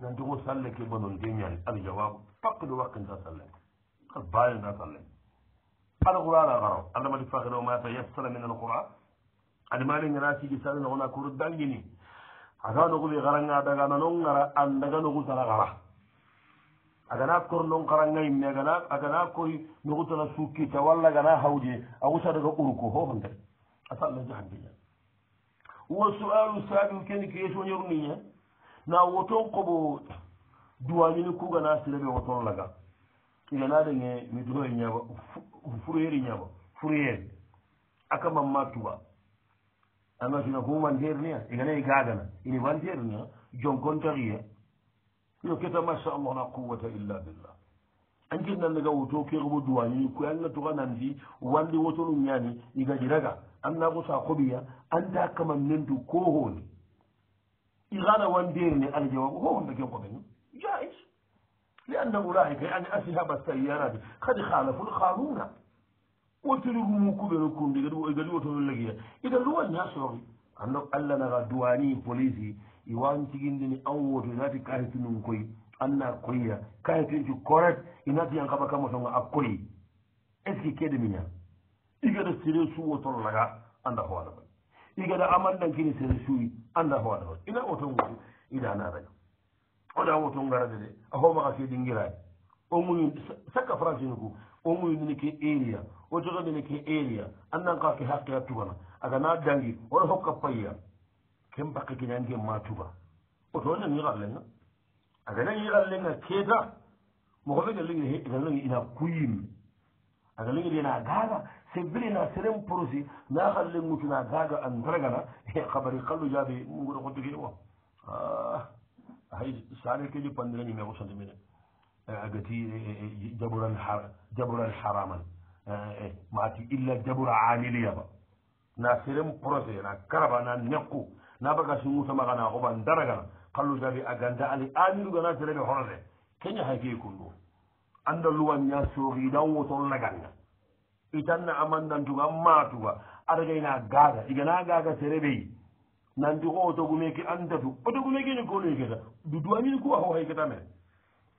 nantugo salle ke banon deñaari aljawabu pakkdo wakkinta salle al baalinta salle ala qurana garo allamati fakido mata yassara min alqouran adimaani ngana sigi salle nogona kuru dangini aga nogu ɓe garanga daga nanon gara an daga nogu sana gara agana kor nonkarangayimme agana agana kori nogutona sukkita walla agana hawdie agusadaga urko hohonde asallajahandilla wo sualu sabi keni keyetoñoruniña eh? na woton koɓo duwañini kugana siraɓe woton laga iganadange widoye ñaba furyeri ñaba furyeri aka mamma tuba agatina kumwantere eh? niya iganayi gagana ini wantere eh? niya jonkontariya يوكيتا ما شاء الله لا قوة إلا بالله أنجينا نجاو توكي غبو دواني كوانا توغا ناندي واندي وطنو مياني إيجا جيراغا أنا غوصا خبيا أنت أكما ننتو كوهوني إغانا وانديرني أنا جواب هو عندك يوم قبلني جائز لأنه راهي يعني أسهاب السيارات خد خالفوا الخالونا وتلو موكو بينو كوندي قالوا وطنو لقيا إذا لو الناس يوغي أنا قال لنا غا دواني بوليسي i wawni tiguindini awwoto inati kayitu num koy anna koyya kayitunci koret inati yankaɓa kamma tonga a koyi est ce que keede miña igada sere suwo tol laga anda fo adaba igada amaddankini sere suuyi anda fo adaba ina otongoto idana rag oda woto ngarade de a homaxa seedi ngirani o muñin sakka francine ku o muñindini ke aria o jogandini ke aria andanka ke xaqqe a tugana aga na dangi oɗa fokka payya ken bakka gine ange matuba o to nan yiralleŋa aga nan yiralleŋa keta moko ɓe gal lengi egal lengi ina kuyimme aga lengi ɗi na gaga sebili na seren prosi na xal lengutu na gaga an dragana e xabari xallu jaɓe mungoɗo xo tigi wa ah, ay sane keji pandirani me ko sante mine eh, agati eh, eh, jaburan jaburan haraman mati illa jabura amiliya ba na serem procé na karaba na nekku nabaga si musa magana hoba ndaragana kallu gabi a ganda ali amiru gana terebe horade kenya hake kundu anda luwan nya sogi dan woton laganga itanna amandantuga matuga adagaina gaga igana gaga terebe nanti ko to gume ki anda tu o to gume ki ni ko ni ke da du du ami ko ho hay kata me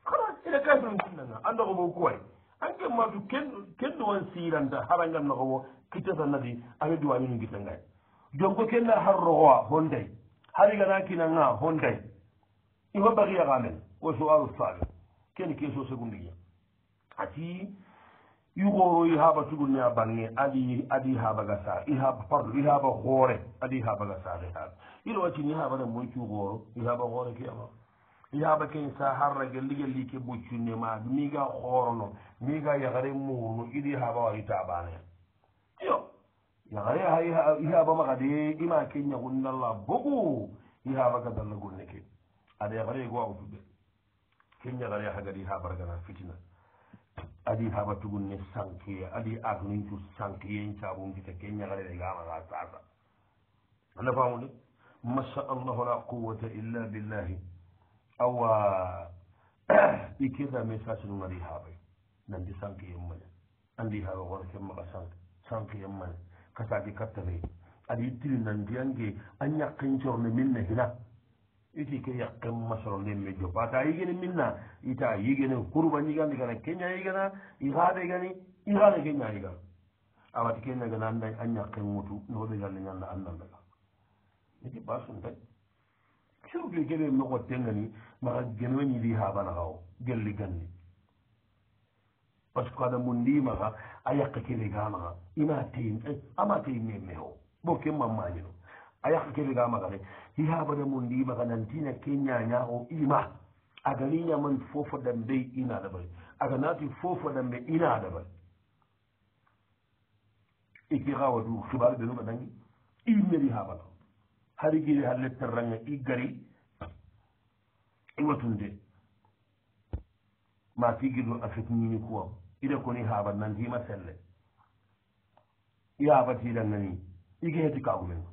kala ida ka sun tin nan anda ko ko ay an ke ma du ken ken do an siranda haranga na ko kitta sanadi ay du ami ni gitanga jonko kenna har rogowa honday harigana kinanga honday ifo bakiyakamen wo soalu sale ken ke so segundiya ati yugoro i haba tugunne a bange adi adi habaga sa ihaba pardon i haba hoore adi habaga sare ha ilo watini habana moycu goro i haba hoore keama i haba ken sa harragelligelli ke boccunne ma miga horono miga yagare muuno idi haba wa itabane iyo yahay hay ihaba maga de ima ke ñagunnalla bogu ihaba gadalla gonne ke ada yahare go awdu be ke ñagare hagadi ha bargana fitina adi haba tugunne sankiye adi agnuncu sankiye caɓumgita ke ñagare de gamaga sasa ana famude masha allahu la quwata illa billahi awa [CLEARS THROAT] ikirra mais sasinum adi habay nandi sankiyemmane andi haba gono ke maga sank sankiyemmane kasaagi kattaree aɗa yittiri nandiyange a ñakkencorne min ne hina iti ke yakke masoro nden me jopa ta yigene min na ita yigene kuruba ñigandi gana keña yigana ihaade gani ihaade keña yigana awati kena gana anday a ñakke ŋutu nooɓe galle ñanda andandaga iti basunta surtout keɓe mogotte gani maxa geneweñidi haɓanaxao gelli ganni par ce que ana mundimaxa a yaqa ke regamaxa ima teyin ama teyin ne meo bo ke mammañino a yaqa ke regamaxa de yihabana mundimaxa nantina ke ñañaxo ima a gani ñaman fofa dambe ina dabale a ganati fofa dambe ina dabale i ke xawadu xibar benuga dangi i meri habana hari gire ha lettar ranga i gari i watunde ma tigirno afet ñini kuwam ida koni haabat nantiima selle yaabatiidan nani igeeti kaagumen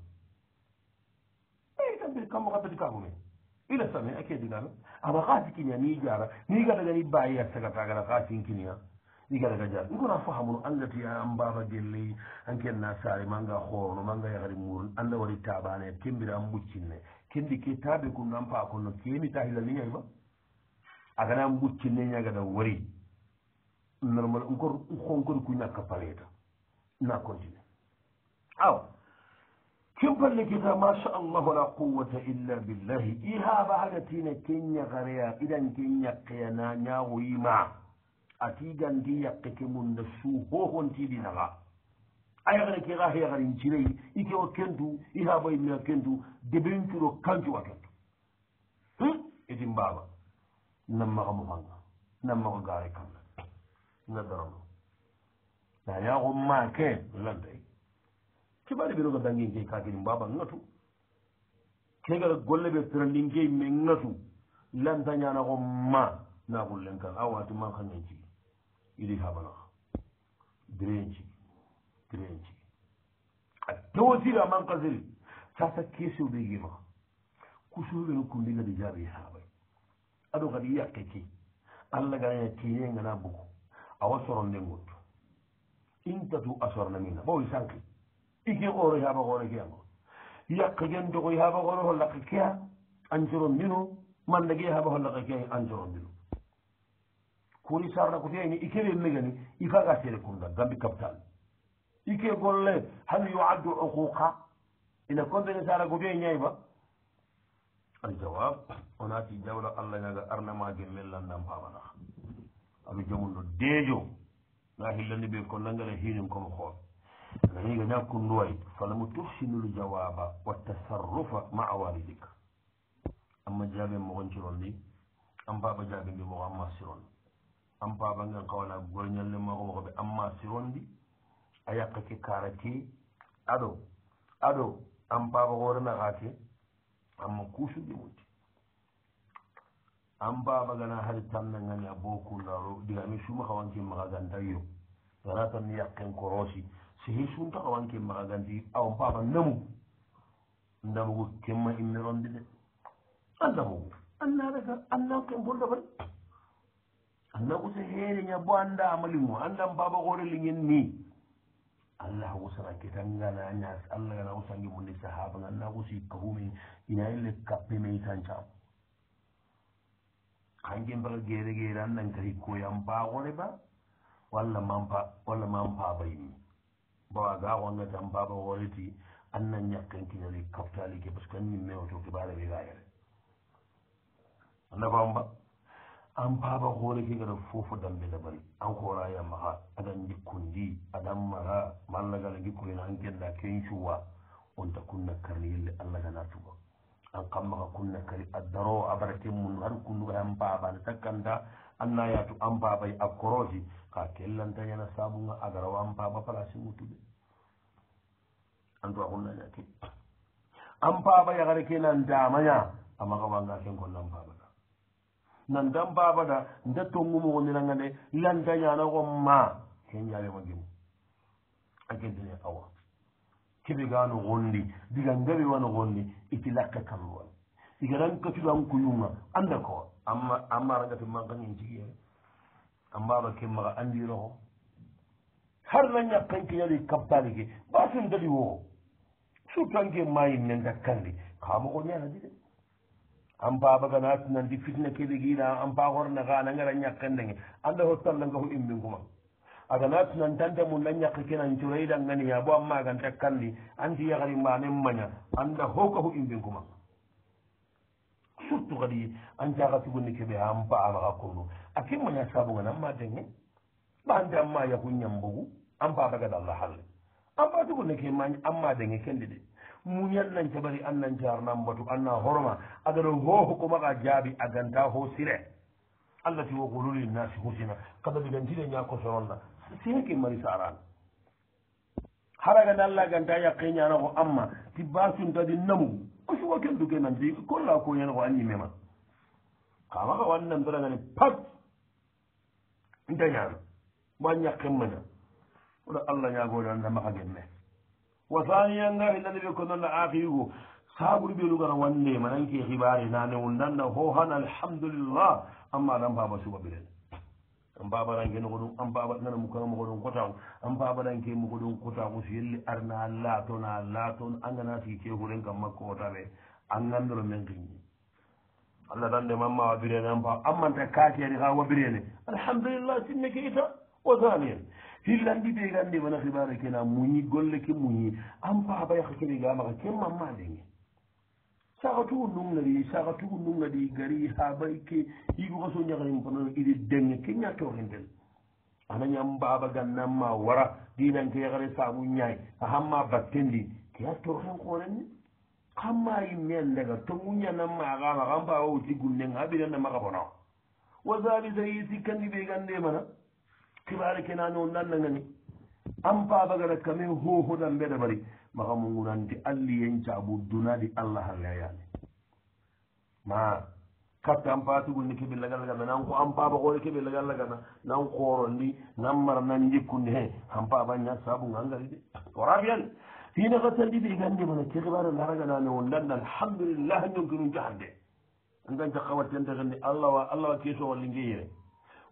ei eh, tambi kam xabati kaagumen ila same a keedingano ama xaa sikinia nii jaara nii gadagani baayiya sagataagara xaa sinkinia igadaga jaara i kona faxamunu andatiya an mbaaba gelle an kenna saare manga xoorono manga yaxari murun anda wari taabaane kembira an ɓuccinne kendi ke taabe kunno an paa konno kemi taa hilal ni ñayfa agana an ɓuccinne ñagada wari normal encore honkon ku ñakka paleta na continue awa kempalle keta macha allahu la quwata illa billahi i haaba hagatine ke ñakareya iɗan ke ñakkeya na ñawoyima ati ganti yakke ke munda su ho hontiɗi naxa a yaxene ke xa xeyaxarin cirey i ke wa kentu i haaba i mea kentu deɓen curo kancu wa kentu idin baba nam maxa mofanga nam maxo gaare kamna ngaddoro ma da yaago maake landay kibaali ɓe noga dangi ngey kaakeni mbaba ngatu kegal golle ɓe tirandi ngey me ngatu lantañanako ma naaful lenkal a waati ma kange cigi idi habanaa dirien cigi dirien cigi a tewotiri a manqasiri sasa keesewɗe yima kusoɓeno kundi ngadi jaabi haaɓay aɗo kadi yakke ke allah gaaña kiñe ngana bugu awa soronde ngutto intatu a sorna mina ɓowi sanki ike ooro yaɓagoono keyango yakka gendogo yaɓagoono holla ka keya ancoron ndino mandage haɓa holla ka keya ancoron ndino kuri sarna ko feyni ikeɓe megani ifaga seere kunda gambi capital ike golle hal yuaddu uquqa ina compene sara ko fey ñayba aljawab onati jawla allah naga arnamage mellandam pamanaha aɓe jawunɗo deejo na hillani ɓe ko nanngala hiinin komo hooɓe ana higa ñakkunduway falamu tuhsinul jawaba wa tasarrufa maa walidika amma jaabe mogontiron ni an baaba jaabe mbi mogo amma siron an baaba ngen kawala golñalle mago mogoɓe amma sirondi a yakka ke karati aɗo aɗo an baaba hoore naxaake amma kuusuɗi muti an baba gana har tannangani a bokunaro digami suma xawanke maxa ganta yo gana tanni yaqen korosi sehi sunta xawanke maxa ganti awan baba namu ndamugu kenma immerondi de a namugu annaraga annan ken bol dabari annagu se heereña bo anda amalingo andan baba xore lingen ni allah wusana ketangana ñas allah gana wusangimundi sahaba ga annagu si kafume inaile kappe meitan cam hanjum mbaga geere geere annan ka hikkoyam baawole ba walla mampa walla mampaaba yimmi mbawa ga wonnatan baaba woleti annan ñakkankinari kaftaalike par ce que annin mewoto kibaare ɓe gayere annabam ba an paaba hooreke gara fofo dambe dabari an horayamaha aɗan jikkundi aɗan mara mallagala gikkoyen hankenɗa kencuwa on takunna karni yelle allah gana tuba an kamma ka kunna kadi addaro abaraten mum haɗo kunnuga han baaba ne takkanta anna yaatu an baabay akkoroji ka kellanta yana sabunga agarawa an baaba palace wutuɓe antowa kunnañake an baaba yagare ke nan damaña amakawanga ken ko nan babaɗa nandan babaɗa nda tongumogo ndiranga de lanta ñana gon ma ken jaɓema gemu a kentene awa keɓe gaano gonndi diga ngawi wano gonndi iti lakka kamwal iga rankatuɗanko yunga annda ko amma amma rangati mankangen jigiye ammaɓa ke maga andiroko har nañakkanke ñali kaptaliki mbasen dali wo surtout anke mayi nenta kandi kamoko ñanadi de an pabaganatinandi fitna keɓe giina an pakorna ga nangara ñakkandenge annda hottallangaho imbinkuma agana tinantante mun nan yaki kenan coreidangania bo an magante kandi anti yakari mbanen maña anda hokahu imbin kuma surtout kadi ancaka sugunni keɓe an paamaka kunu a ke maña sabunga nan ma denge ɓante an ma yaku ñambugu an paaragadalla halle an pa sugunni ke ma an ma denge kendi de muñan nan cabari an nan carnan batu an na horoma agano hoho kumaka jaabi aganta ho sire allati wo gululinnasi husina kada digantide ñakosoronna sinke mari saran haraga dallaganta yakke ñanako amma ti basuntadi namu o suwa ken duke nanti kolla ko ñanako anñimema kamaka wan nantorangani pat nta ñana mo a ñakkemmana oɗo allah ñagoɗana maka genne wa saniyanga hillani ɓe konnonno akirigo saburi ɓelugana wanne mananke hibare nane wu nanna ho han alhamdulillah amma lam baba suba ɓirene an babaranke nogo ɗum an babaɗgana mukana mogo ɗon kotaku an babaranke mogo ɗon kotaku so yelli arna laatona laaton an gana sigi kehuren kam makko ota ɓe an ganndoro men kinñi allah tan de mamma wabirene an pa ammanta kaatiyani ha wabirene alhamdulillah simme keita wasani en hillandi ɓe ganndi wona xibaro kena muñi golle ke muñi an babayaka keɓe gamaka ke mamma denge saka tugu nuŋŋari saka tugu nuŋŋadi gari habay ke yigoxa so ñaxanin pano idi deŋe ke ña coxinten ana ñam mbaba ganna ma wara dinanke yaxare samu ñaay axanma battendi ke a toxen xonen ni xanma yimmeen ndaga tongu ñanan maxama xan mbaba wuti gunneng a ɓinanna maxa fona wa zalika yi sikkandi ɓegandemana kibare ke nanoo nannangani an mbaba gana kame hoho dambe da bari maxamo ŋurandi alli yen caabu dunadi allah halleayaani ma katta an patugundi keɓe lagalagana nan ko an pabaxoore keɓe lagalagana nan xoorondi nan mara nan jikkundi he an paba ña saabu ngangari de orafiyani fiina xatandi ɓe gande mana ke xibaro laraganane wondan alhamdulillah ñonkinum caxande angan caxawattentexenni allahwa allahwa kesowallinge yire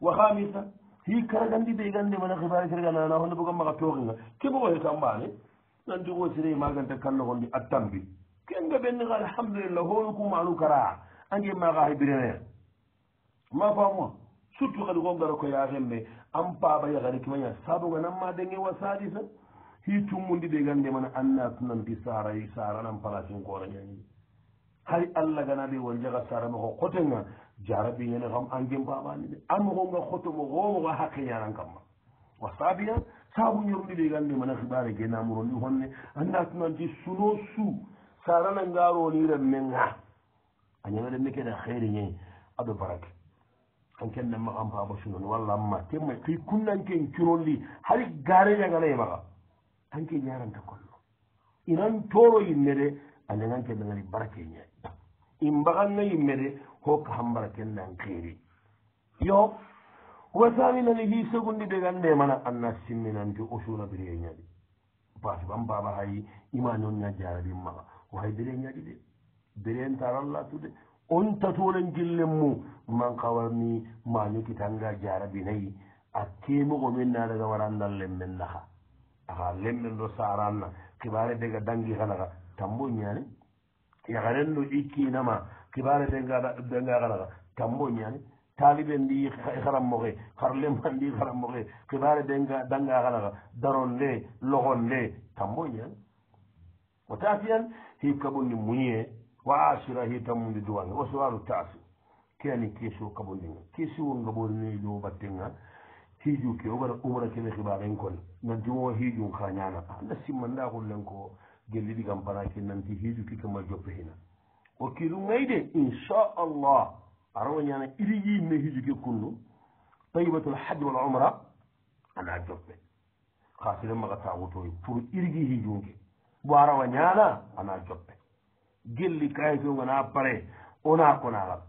wa xamisa fi karagandi ɓe gande mana xibaro kiraganana honde boga maxa tooxinga keɓoxo he kam mbaane nantigo sirei maganta kallogondi attambi kenga ɓenni ka alhamdulillah hoolu kumanu kara ange maga hibrinen ma famoa surtout kadi ko gara ko yaxenɓe an pabaya kadi kimaña sabuga namma denge wa sadisa hi tummundi ɓe gande mana anna tunanti saray saranan palacin koorañani hay allah gana ɓe wonjaga saramoko kotega jaraɓiñene kam angen babani ɓe amogonga hotomo gomoga hakke ñanan kamma wa sabiya saabu ñorɗiɗe ganndi mana suɓaare genamuro ndi honne annatunanti suno suu sa rana ngaroniren men ha a ñamere mi keɗa xeeri ñe aɗo barak an kennen ma an baba sunoni walla ma temma fi kunnanken curolli hay gareñangalaye maxa anke ñaranta kollo inan toro yimme de anenganke dangani barake ña in mbaxanga yimme de hokka han barakennan xeeri yo wa sami nani hi sogundi ɓe gande mana anna simminanti osuna bireye ñaɗi pasi ɓan baba hayi imanon ña jarabin maga o hay bire ñaɗi e e de bireen tarallatude on tatuolen gillen mu man kawarni mañoki tanga jarabinayi a kemogo min na daga warandan lemmen naha aha lemmen ɗo saranna kibare daga dangi hanaga tambo ñane yaganen ɗo ikkinama kibare dengaganaga tambo ñane taalibe ndi xaram moxe xar lema ndi xaram moxe xibaare denga danga xanaxa daron le loxon le tambo ñan o ta fiyan xikaɓondi muñe wa asura xitamundi duwange o suwaru taasu ke ani keso kaɓondinga kesiwo ngaɓonne ɗo battenga xiju ke obara obara kene xibaaren kon nantiwo xijun xa ñana anda simma nda xulen ko gelli ɗigam pana ke nanti xiju kikama joppe xina o kiru ngay de inchallah rawñana iriji nehijuki kunnu tayibatul hajj wal umra ana jobbe ha sire maga tawutoyi pour irigi hijunke bo a rawañana ana jobbe gelli kayitongana pare ona konalal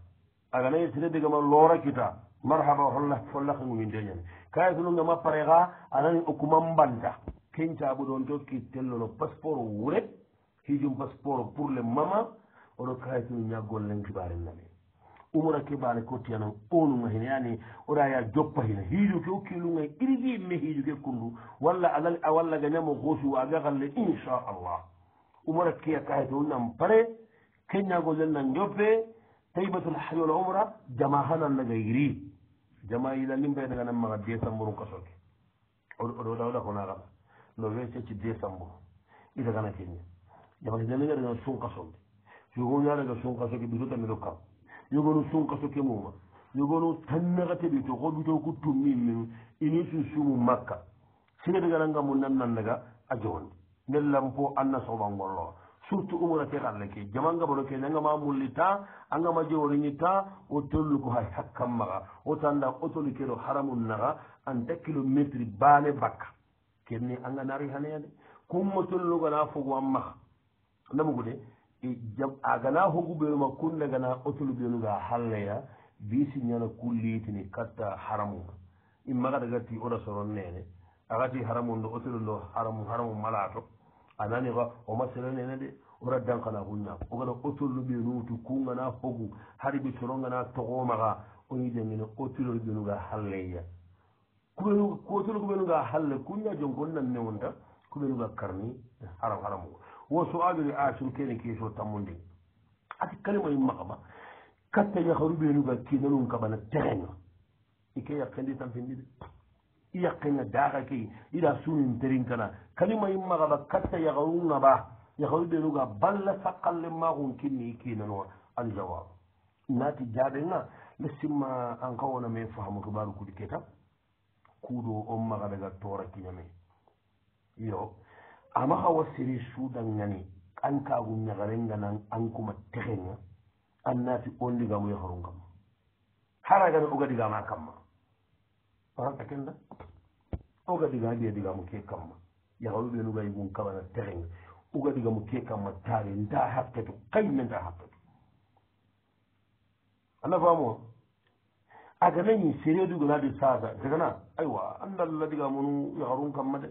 aganayi sire digama lorakita marhaba holla follahengumindeñane kayitonongama pare ha anani okumambanta kencaɓuɗon to kittellono passeport wuret hijum passeport pour le mama oɗo kayitunu ñaggol len kibarinnamen umora keɓaale kottiyano onuma hene yaani oɗa ya joppa hina hiijuke okkilungay irigi me hiijuke kundu walla alal a wallaga nemo goosu waaga galle inchallah umora keya kayeto nan pare keñagollel na joppe taybatul hayola umra jama hanallaga yiri jama yilandi mbaydaga nan maga décembre um kasoke oɗaoɗa konagala no wesecci décembre itagana keña jama yilandi ngadagan sunkasonde sugoñaraga sunkasoke ɓitotamiɗo e kam yogonu sunkasoke muma yogonu tannakate ɓito ko ɓito ku tummimmin ini sunsumu makka sinetgarangamu nannannaga a jowondi nellanpo anna sobangolloa surtout umrake xarle ke jamangaboro ke nangama mulli ta angama jeworini ta o tollu ko hay hakkammaxa o tanda otoli keɗo haramu naxa anta kilométre bane bakka kenne anga nari haneyade kumma tollugana fogu an maxa ndamugude a gana hoguɓeno ma kunde gana otoluɓenu ga halleya bisi ñana kullitini katta haramuga in magata gatti oɗa soron nene agati haramu ndo otolu ndo haramu haramu malato anani ga oma sere nene de ora dankana kunñak ogana otolluɓenutu kungana hogu haribe sorongana togomaga oñi jangine otolluɓenuga halleya kuɓenu kotolu kuɓenuga halle kunña jongon nan newonta kuɓenuga karni haram haramuga wo suwaɓiri a sum kene keso tammude ati kalima yimmakaba katta yakaru ɓenuga kinanum kabana terenga ike yakkendi tanfindide i yakkenga daka key ida sumin terin kana kalima yimmakaba katta yakarungaba yakaru ɓenuga balla sakkalle makun kinni i kinanuga aljawab nati jaɓenga lasima an ka wona me fahamu kibaru kudi ke tan kuɗo on makaɓe ga tora kiñame yo ama awa siri sudan ngani an kagu ñagarenga nan an kuma texenga an nati ondigamu yaharun kamma haragana oga digama kamma aa kenda oga diga diya digamu ke kamma yaharu ɓen uga yigun kabana texenga uga digamu ke kamma tare nda hakketu kayme nda hakketu anda famo aganañi sereduganadi sasa segana aywa andalla digamunu yaharun kamma de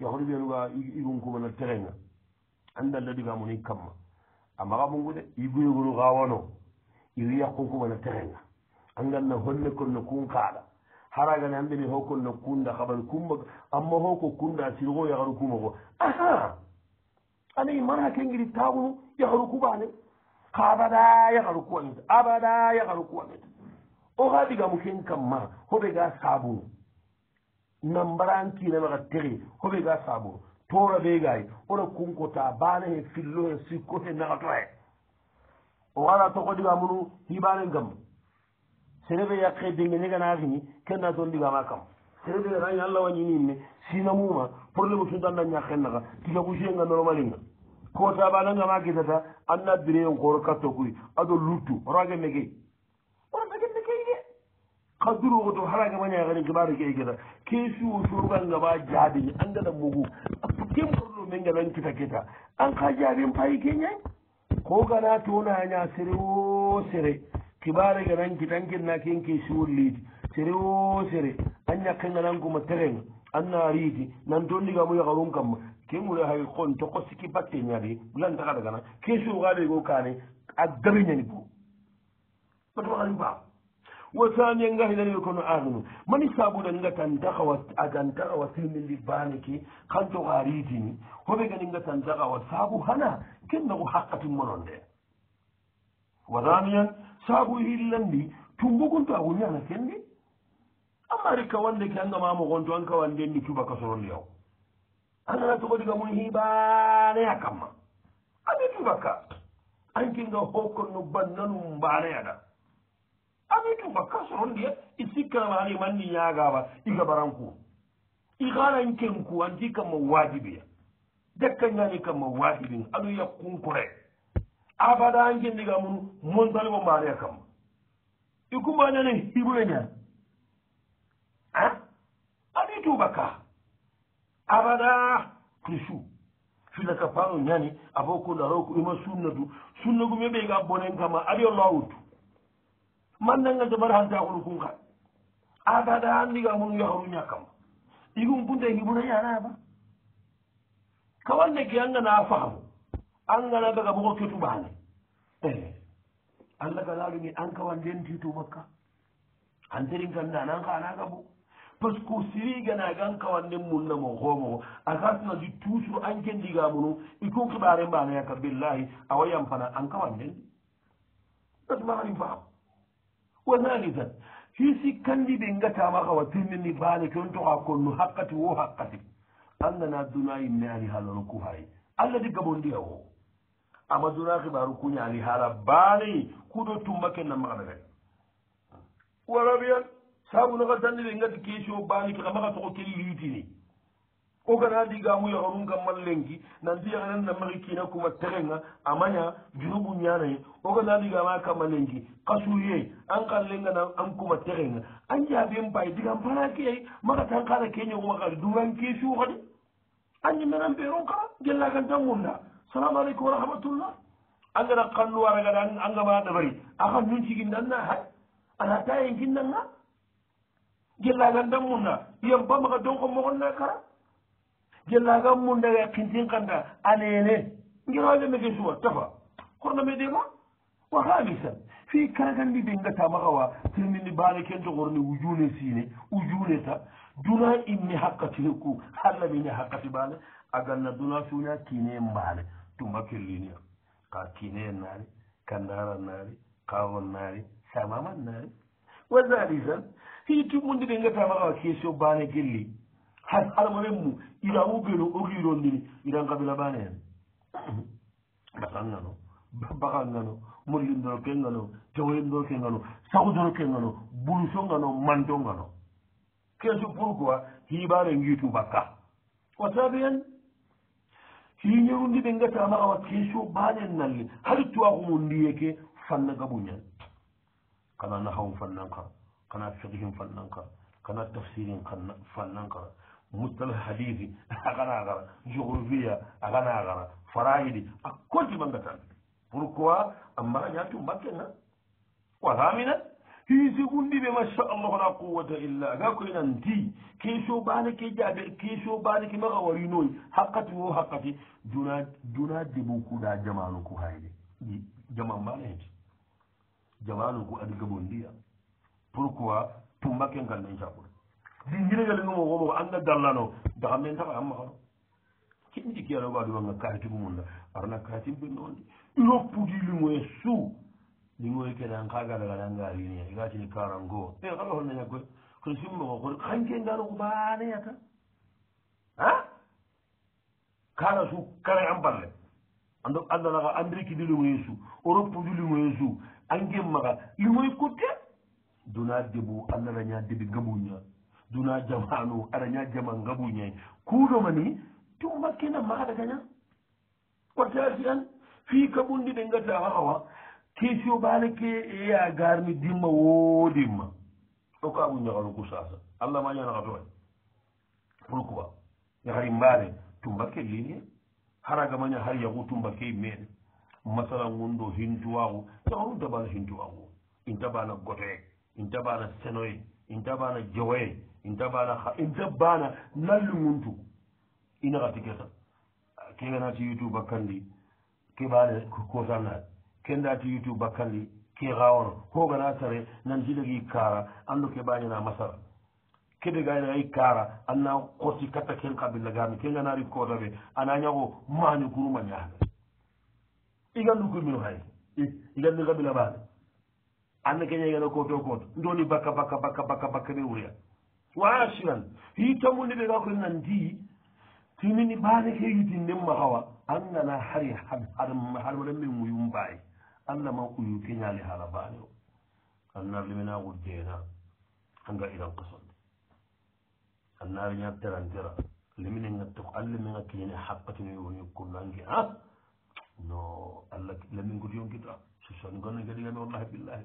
yahoni ɓeenuga igunkumana terenga anda ladigamuni kamma amaxamungu de iguyugunu xawano iwi yakkunkumana terenga anganna honne konno kun kaala haragani andeni hokonno kunda xabari kumba amma hoko kunda sirgo yaxaru kumaxo aa ana imana kengidi taxunu yaxaru kubane abada yaxaru kuwanet abada yaxaru kuwanet oxa digamu ken kamma hobe ga sabunu nan barantina maxa tere hoɓe ga sabor tora ɓe gay ora kunkota bane he fillo he sikko he naxato he o wara toxo ɗigamunu hibane gam serebe yakke dinge negana fini kenna ton ɗigama kam serebe gatañi allah wañininne sinamuma probléme sutanna ñakkennaxa tika kusienga normalinga kota banangama kitata anna bireyon koro katto kuy aɗo luttu oraga mege kadurogo to haraga mañagani gabaro ke gueda kesuwo suga gaba jaabini angana mogu kemborno men galan kita keta an ka jaabin payi keñay ko gana tonaña sere o sere kibare ganan kitan kinna ken kesuwo liidi sere o sere an ñakkengananguma terein anna riidi nan ton ndigamu yakarun kamma kemure hay kon toko siki batteñadi bulantakaɗa gana kesuwo gaɗego kane a dariñani bo batoxani baa wo saniye ngahilanil kono anumu mani sabuda ngatan dakawa agan dakawa sirmilli baniki kanto aridini hoɓe gani ngatan dakawa sabu hana kennaku hakkatin monon de wadaniyan sabu hillandi tumbugunto a wuni ana kendi amma ri kawande ki angamamogonto an kawandendi cubaka sorolliyaw anana togodiga mun hibaneya kamma ami cubaka an kinga hokkonno bannanum baneyaɗa amin ba kasoron dia isikana mani manni ñagaba iga baranku ixanan kenku anti kamma ya dekkañani kamma wajibin aɗo yakkunkure abada an kendiga mun montaligo mbaneya kamma ikumbanene hibre ña a aɗi baka abada tusu filaka pano ñani abo ko daroko ima sunnatu sunnagumeɓe ga bonen kama aɗi o man nanga jobar han jaakolu kun kan aagaada anndiga mun yahoru ñakkam igum punte hiɓuna yaraaba kawanne ke angana a faamu angana baga bogo ke tuɓaane e eh. allah galaaɗumi an kawan denti tubakka an terin kandana an kaanaaga bo par ce que siriganaaga an kawan nen munnamo hoomoo a kasnadi toujours an kendigamunu ikun keɓaare mbaana yakka billahi awayampana an kawan denɗi natumaanin faamu wa halisan fiisi kandiɓe ngatama kawa pemmini bane ken toka konnu hakkati wo hakkati angana duna imme ali halano ku hay allah di gabondiya wo ama duna kibaru kuña ali hala bane kuɗo tumma ken namaxanere warabiyan sabunaka tandiɓe ngati question bane kaxa maxa toxo ke liitini ogana digamu yahorungammal lengi nanti yaganan namaxi kina kuma terenga amaña junubu ñanayi ogana digama kamma lengi kasuye an kan lengana an kuma terenga an jaɓen bay digan pana keyay makatan kana ke ñogumakadi duran ke suxadi an ñimenan ɓeeron kaa gellagantan gunda salamu aleykum wa rahmatullah a ngana kanduwaragada angama ɗabari axa nun ciginnanna hay ana ta yen kinnanga gellagantan gunda yen ba maga donko moxon na kara gellagam mum daga kintin kanda anene ngirooɓe mege suwa tafa korno meɗema wa hamisan fi karagandi dengata magawa tirnini bane kento gorni ujune sine ujuneta duna imni hakkatireku hallamini hakkati bane aganna duna suna kine mbane tumba kellinia ka kine nari kandara nari kawon nari samaman nari wa zalisan fi tumundi dengata magawa kesio bane gelli hay halma men mum ira wuggeno ogii rondini iran kabila ɓaane hen bakangano bakangano mollindono kengano jawoyendono kengano sawdono kengano bulusongano mantongano keso pourquoi hiɓaane ngiitu bakka o saabi hen hiñerundi ɓe ngatama awa keso baanen nalle hay tuwakumo ndiyeke fanna gabuñan kana nahawum fannankara kana fiqihim fannankara kana tafsirin fannankara muddal hadisi aganagara géographia aganagara farayidi a koti bangatan pourquoi a marañatum bakkenga wasamina hisigundiɓe macha allah wala quwata illa ga koy nanti keso bane ke jaɓe keso bane ke maxa warinoy hakkati wo hakkati duna duna debu kuɗa jamanu ku hayde jaman bane heti jamanu ku adi gabondiya pourquoi tumbakkengalna incaɓur din hiregalingomo womo anda gallano dahamen taka ammahono kin jikkiyanoga adumanga kaatimumunda arna kaatimɓe noonde iroppudi lingoye suu lingoye kene an kagadagadanga riniya igatini karango e kala holnaña koy so simmogokoi kankengano ko baaneyata a kala su kala an balle ando andanaka andiri kindi lingoye su oroppudi lingoye su angemmaka lingoye kotte duna debu andanaña debi gabuña duna jamanu arañaa jama ngabuñay kuuɗoma ni tum makkina maaɗa gaña kotaati an fii kaɓundi ɗe ngadda awa kesio ɓaale ke eya garni dimma woodimma o ko abuñaxalu ku sasa allah ma ñana xa toxe pourquoi yahari mbaale tumbakke liine haragamaña har yaxu tumbakke meene masala ngundo hintuwaaxu yaxaru tabana hintuwaaxu intabana gotoye intabana senoye intabana jowoye in dabana ha in dabbana nallu muntu inaxati ke ta keganati youtube bakkandi keɓaale kosanaa kendati youtube bakkandi ke xawono hogana sare nan jilegi kara anndu keɓañana masara keɓe gaynaxay kara anna xosi katta ken xabilla gami kenganari kota ɓe ana ñaxo mañu kunuma ñaaga igandu kuminu xaye igandi xabila ɓaane anna keñaigana koto kota ndoni bakka bakka bakka bakka bakka ɓe wuriya wa ashiran hii tammunde ɓe gako nandi timini mbane ke yitindenma hawa angana hari harmoɗen min muyum mbaye allah ma uyu keñali haala mbane o annaare limina ko deena anga iran kosonde annaare ña terantera limine gatta ko allah min akkiñene hakkatino woni kurnange a ah! no allah lamin godi yonkita sosani gonno geɗigami wallahi billahi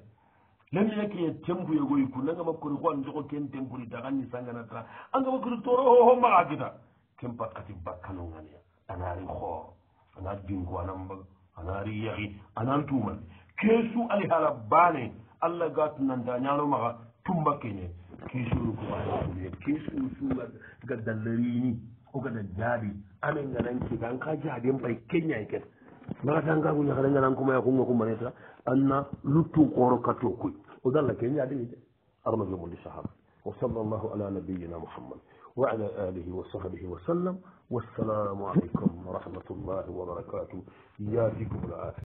nan ne yake tempu ya goyi kun nga makko ko an joko ken tempu ni daga ni sanga na tra an ga makko to ro ho ma agida kem patkati bakkano ngani anari kho anari dingo anam ba anari yahi anan tuman kesu ali hala bane alla gat nan da nyaalo ma tumba kenye kesu ru ko ali ne kesu su ga ga dalari ni ko ga dadi amen ngana nki dan ka jaden bai kenya yake ma tanga ku nyaala ngana kuma ya kunga kuma ne tra أن لتو قرقتو كوي وده لك إن يعني أرمز لمولي صحابة وصلى الله على نبينا محمد وعلى آله وصحبه وسلم والسلام عليكم ورحمة الله وبركاته يا فيكم العافية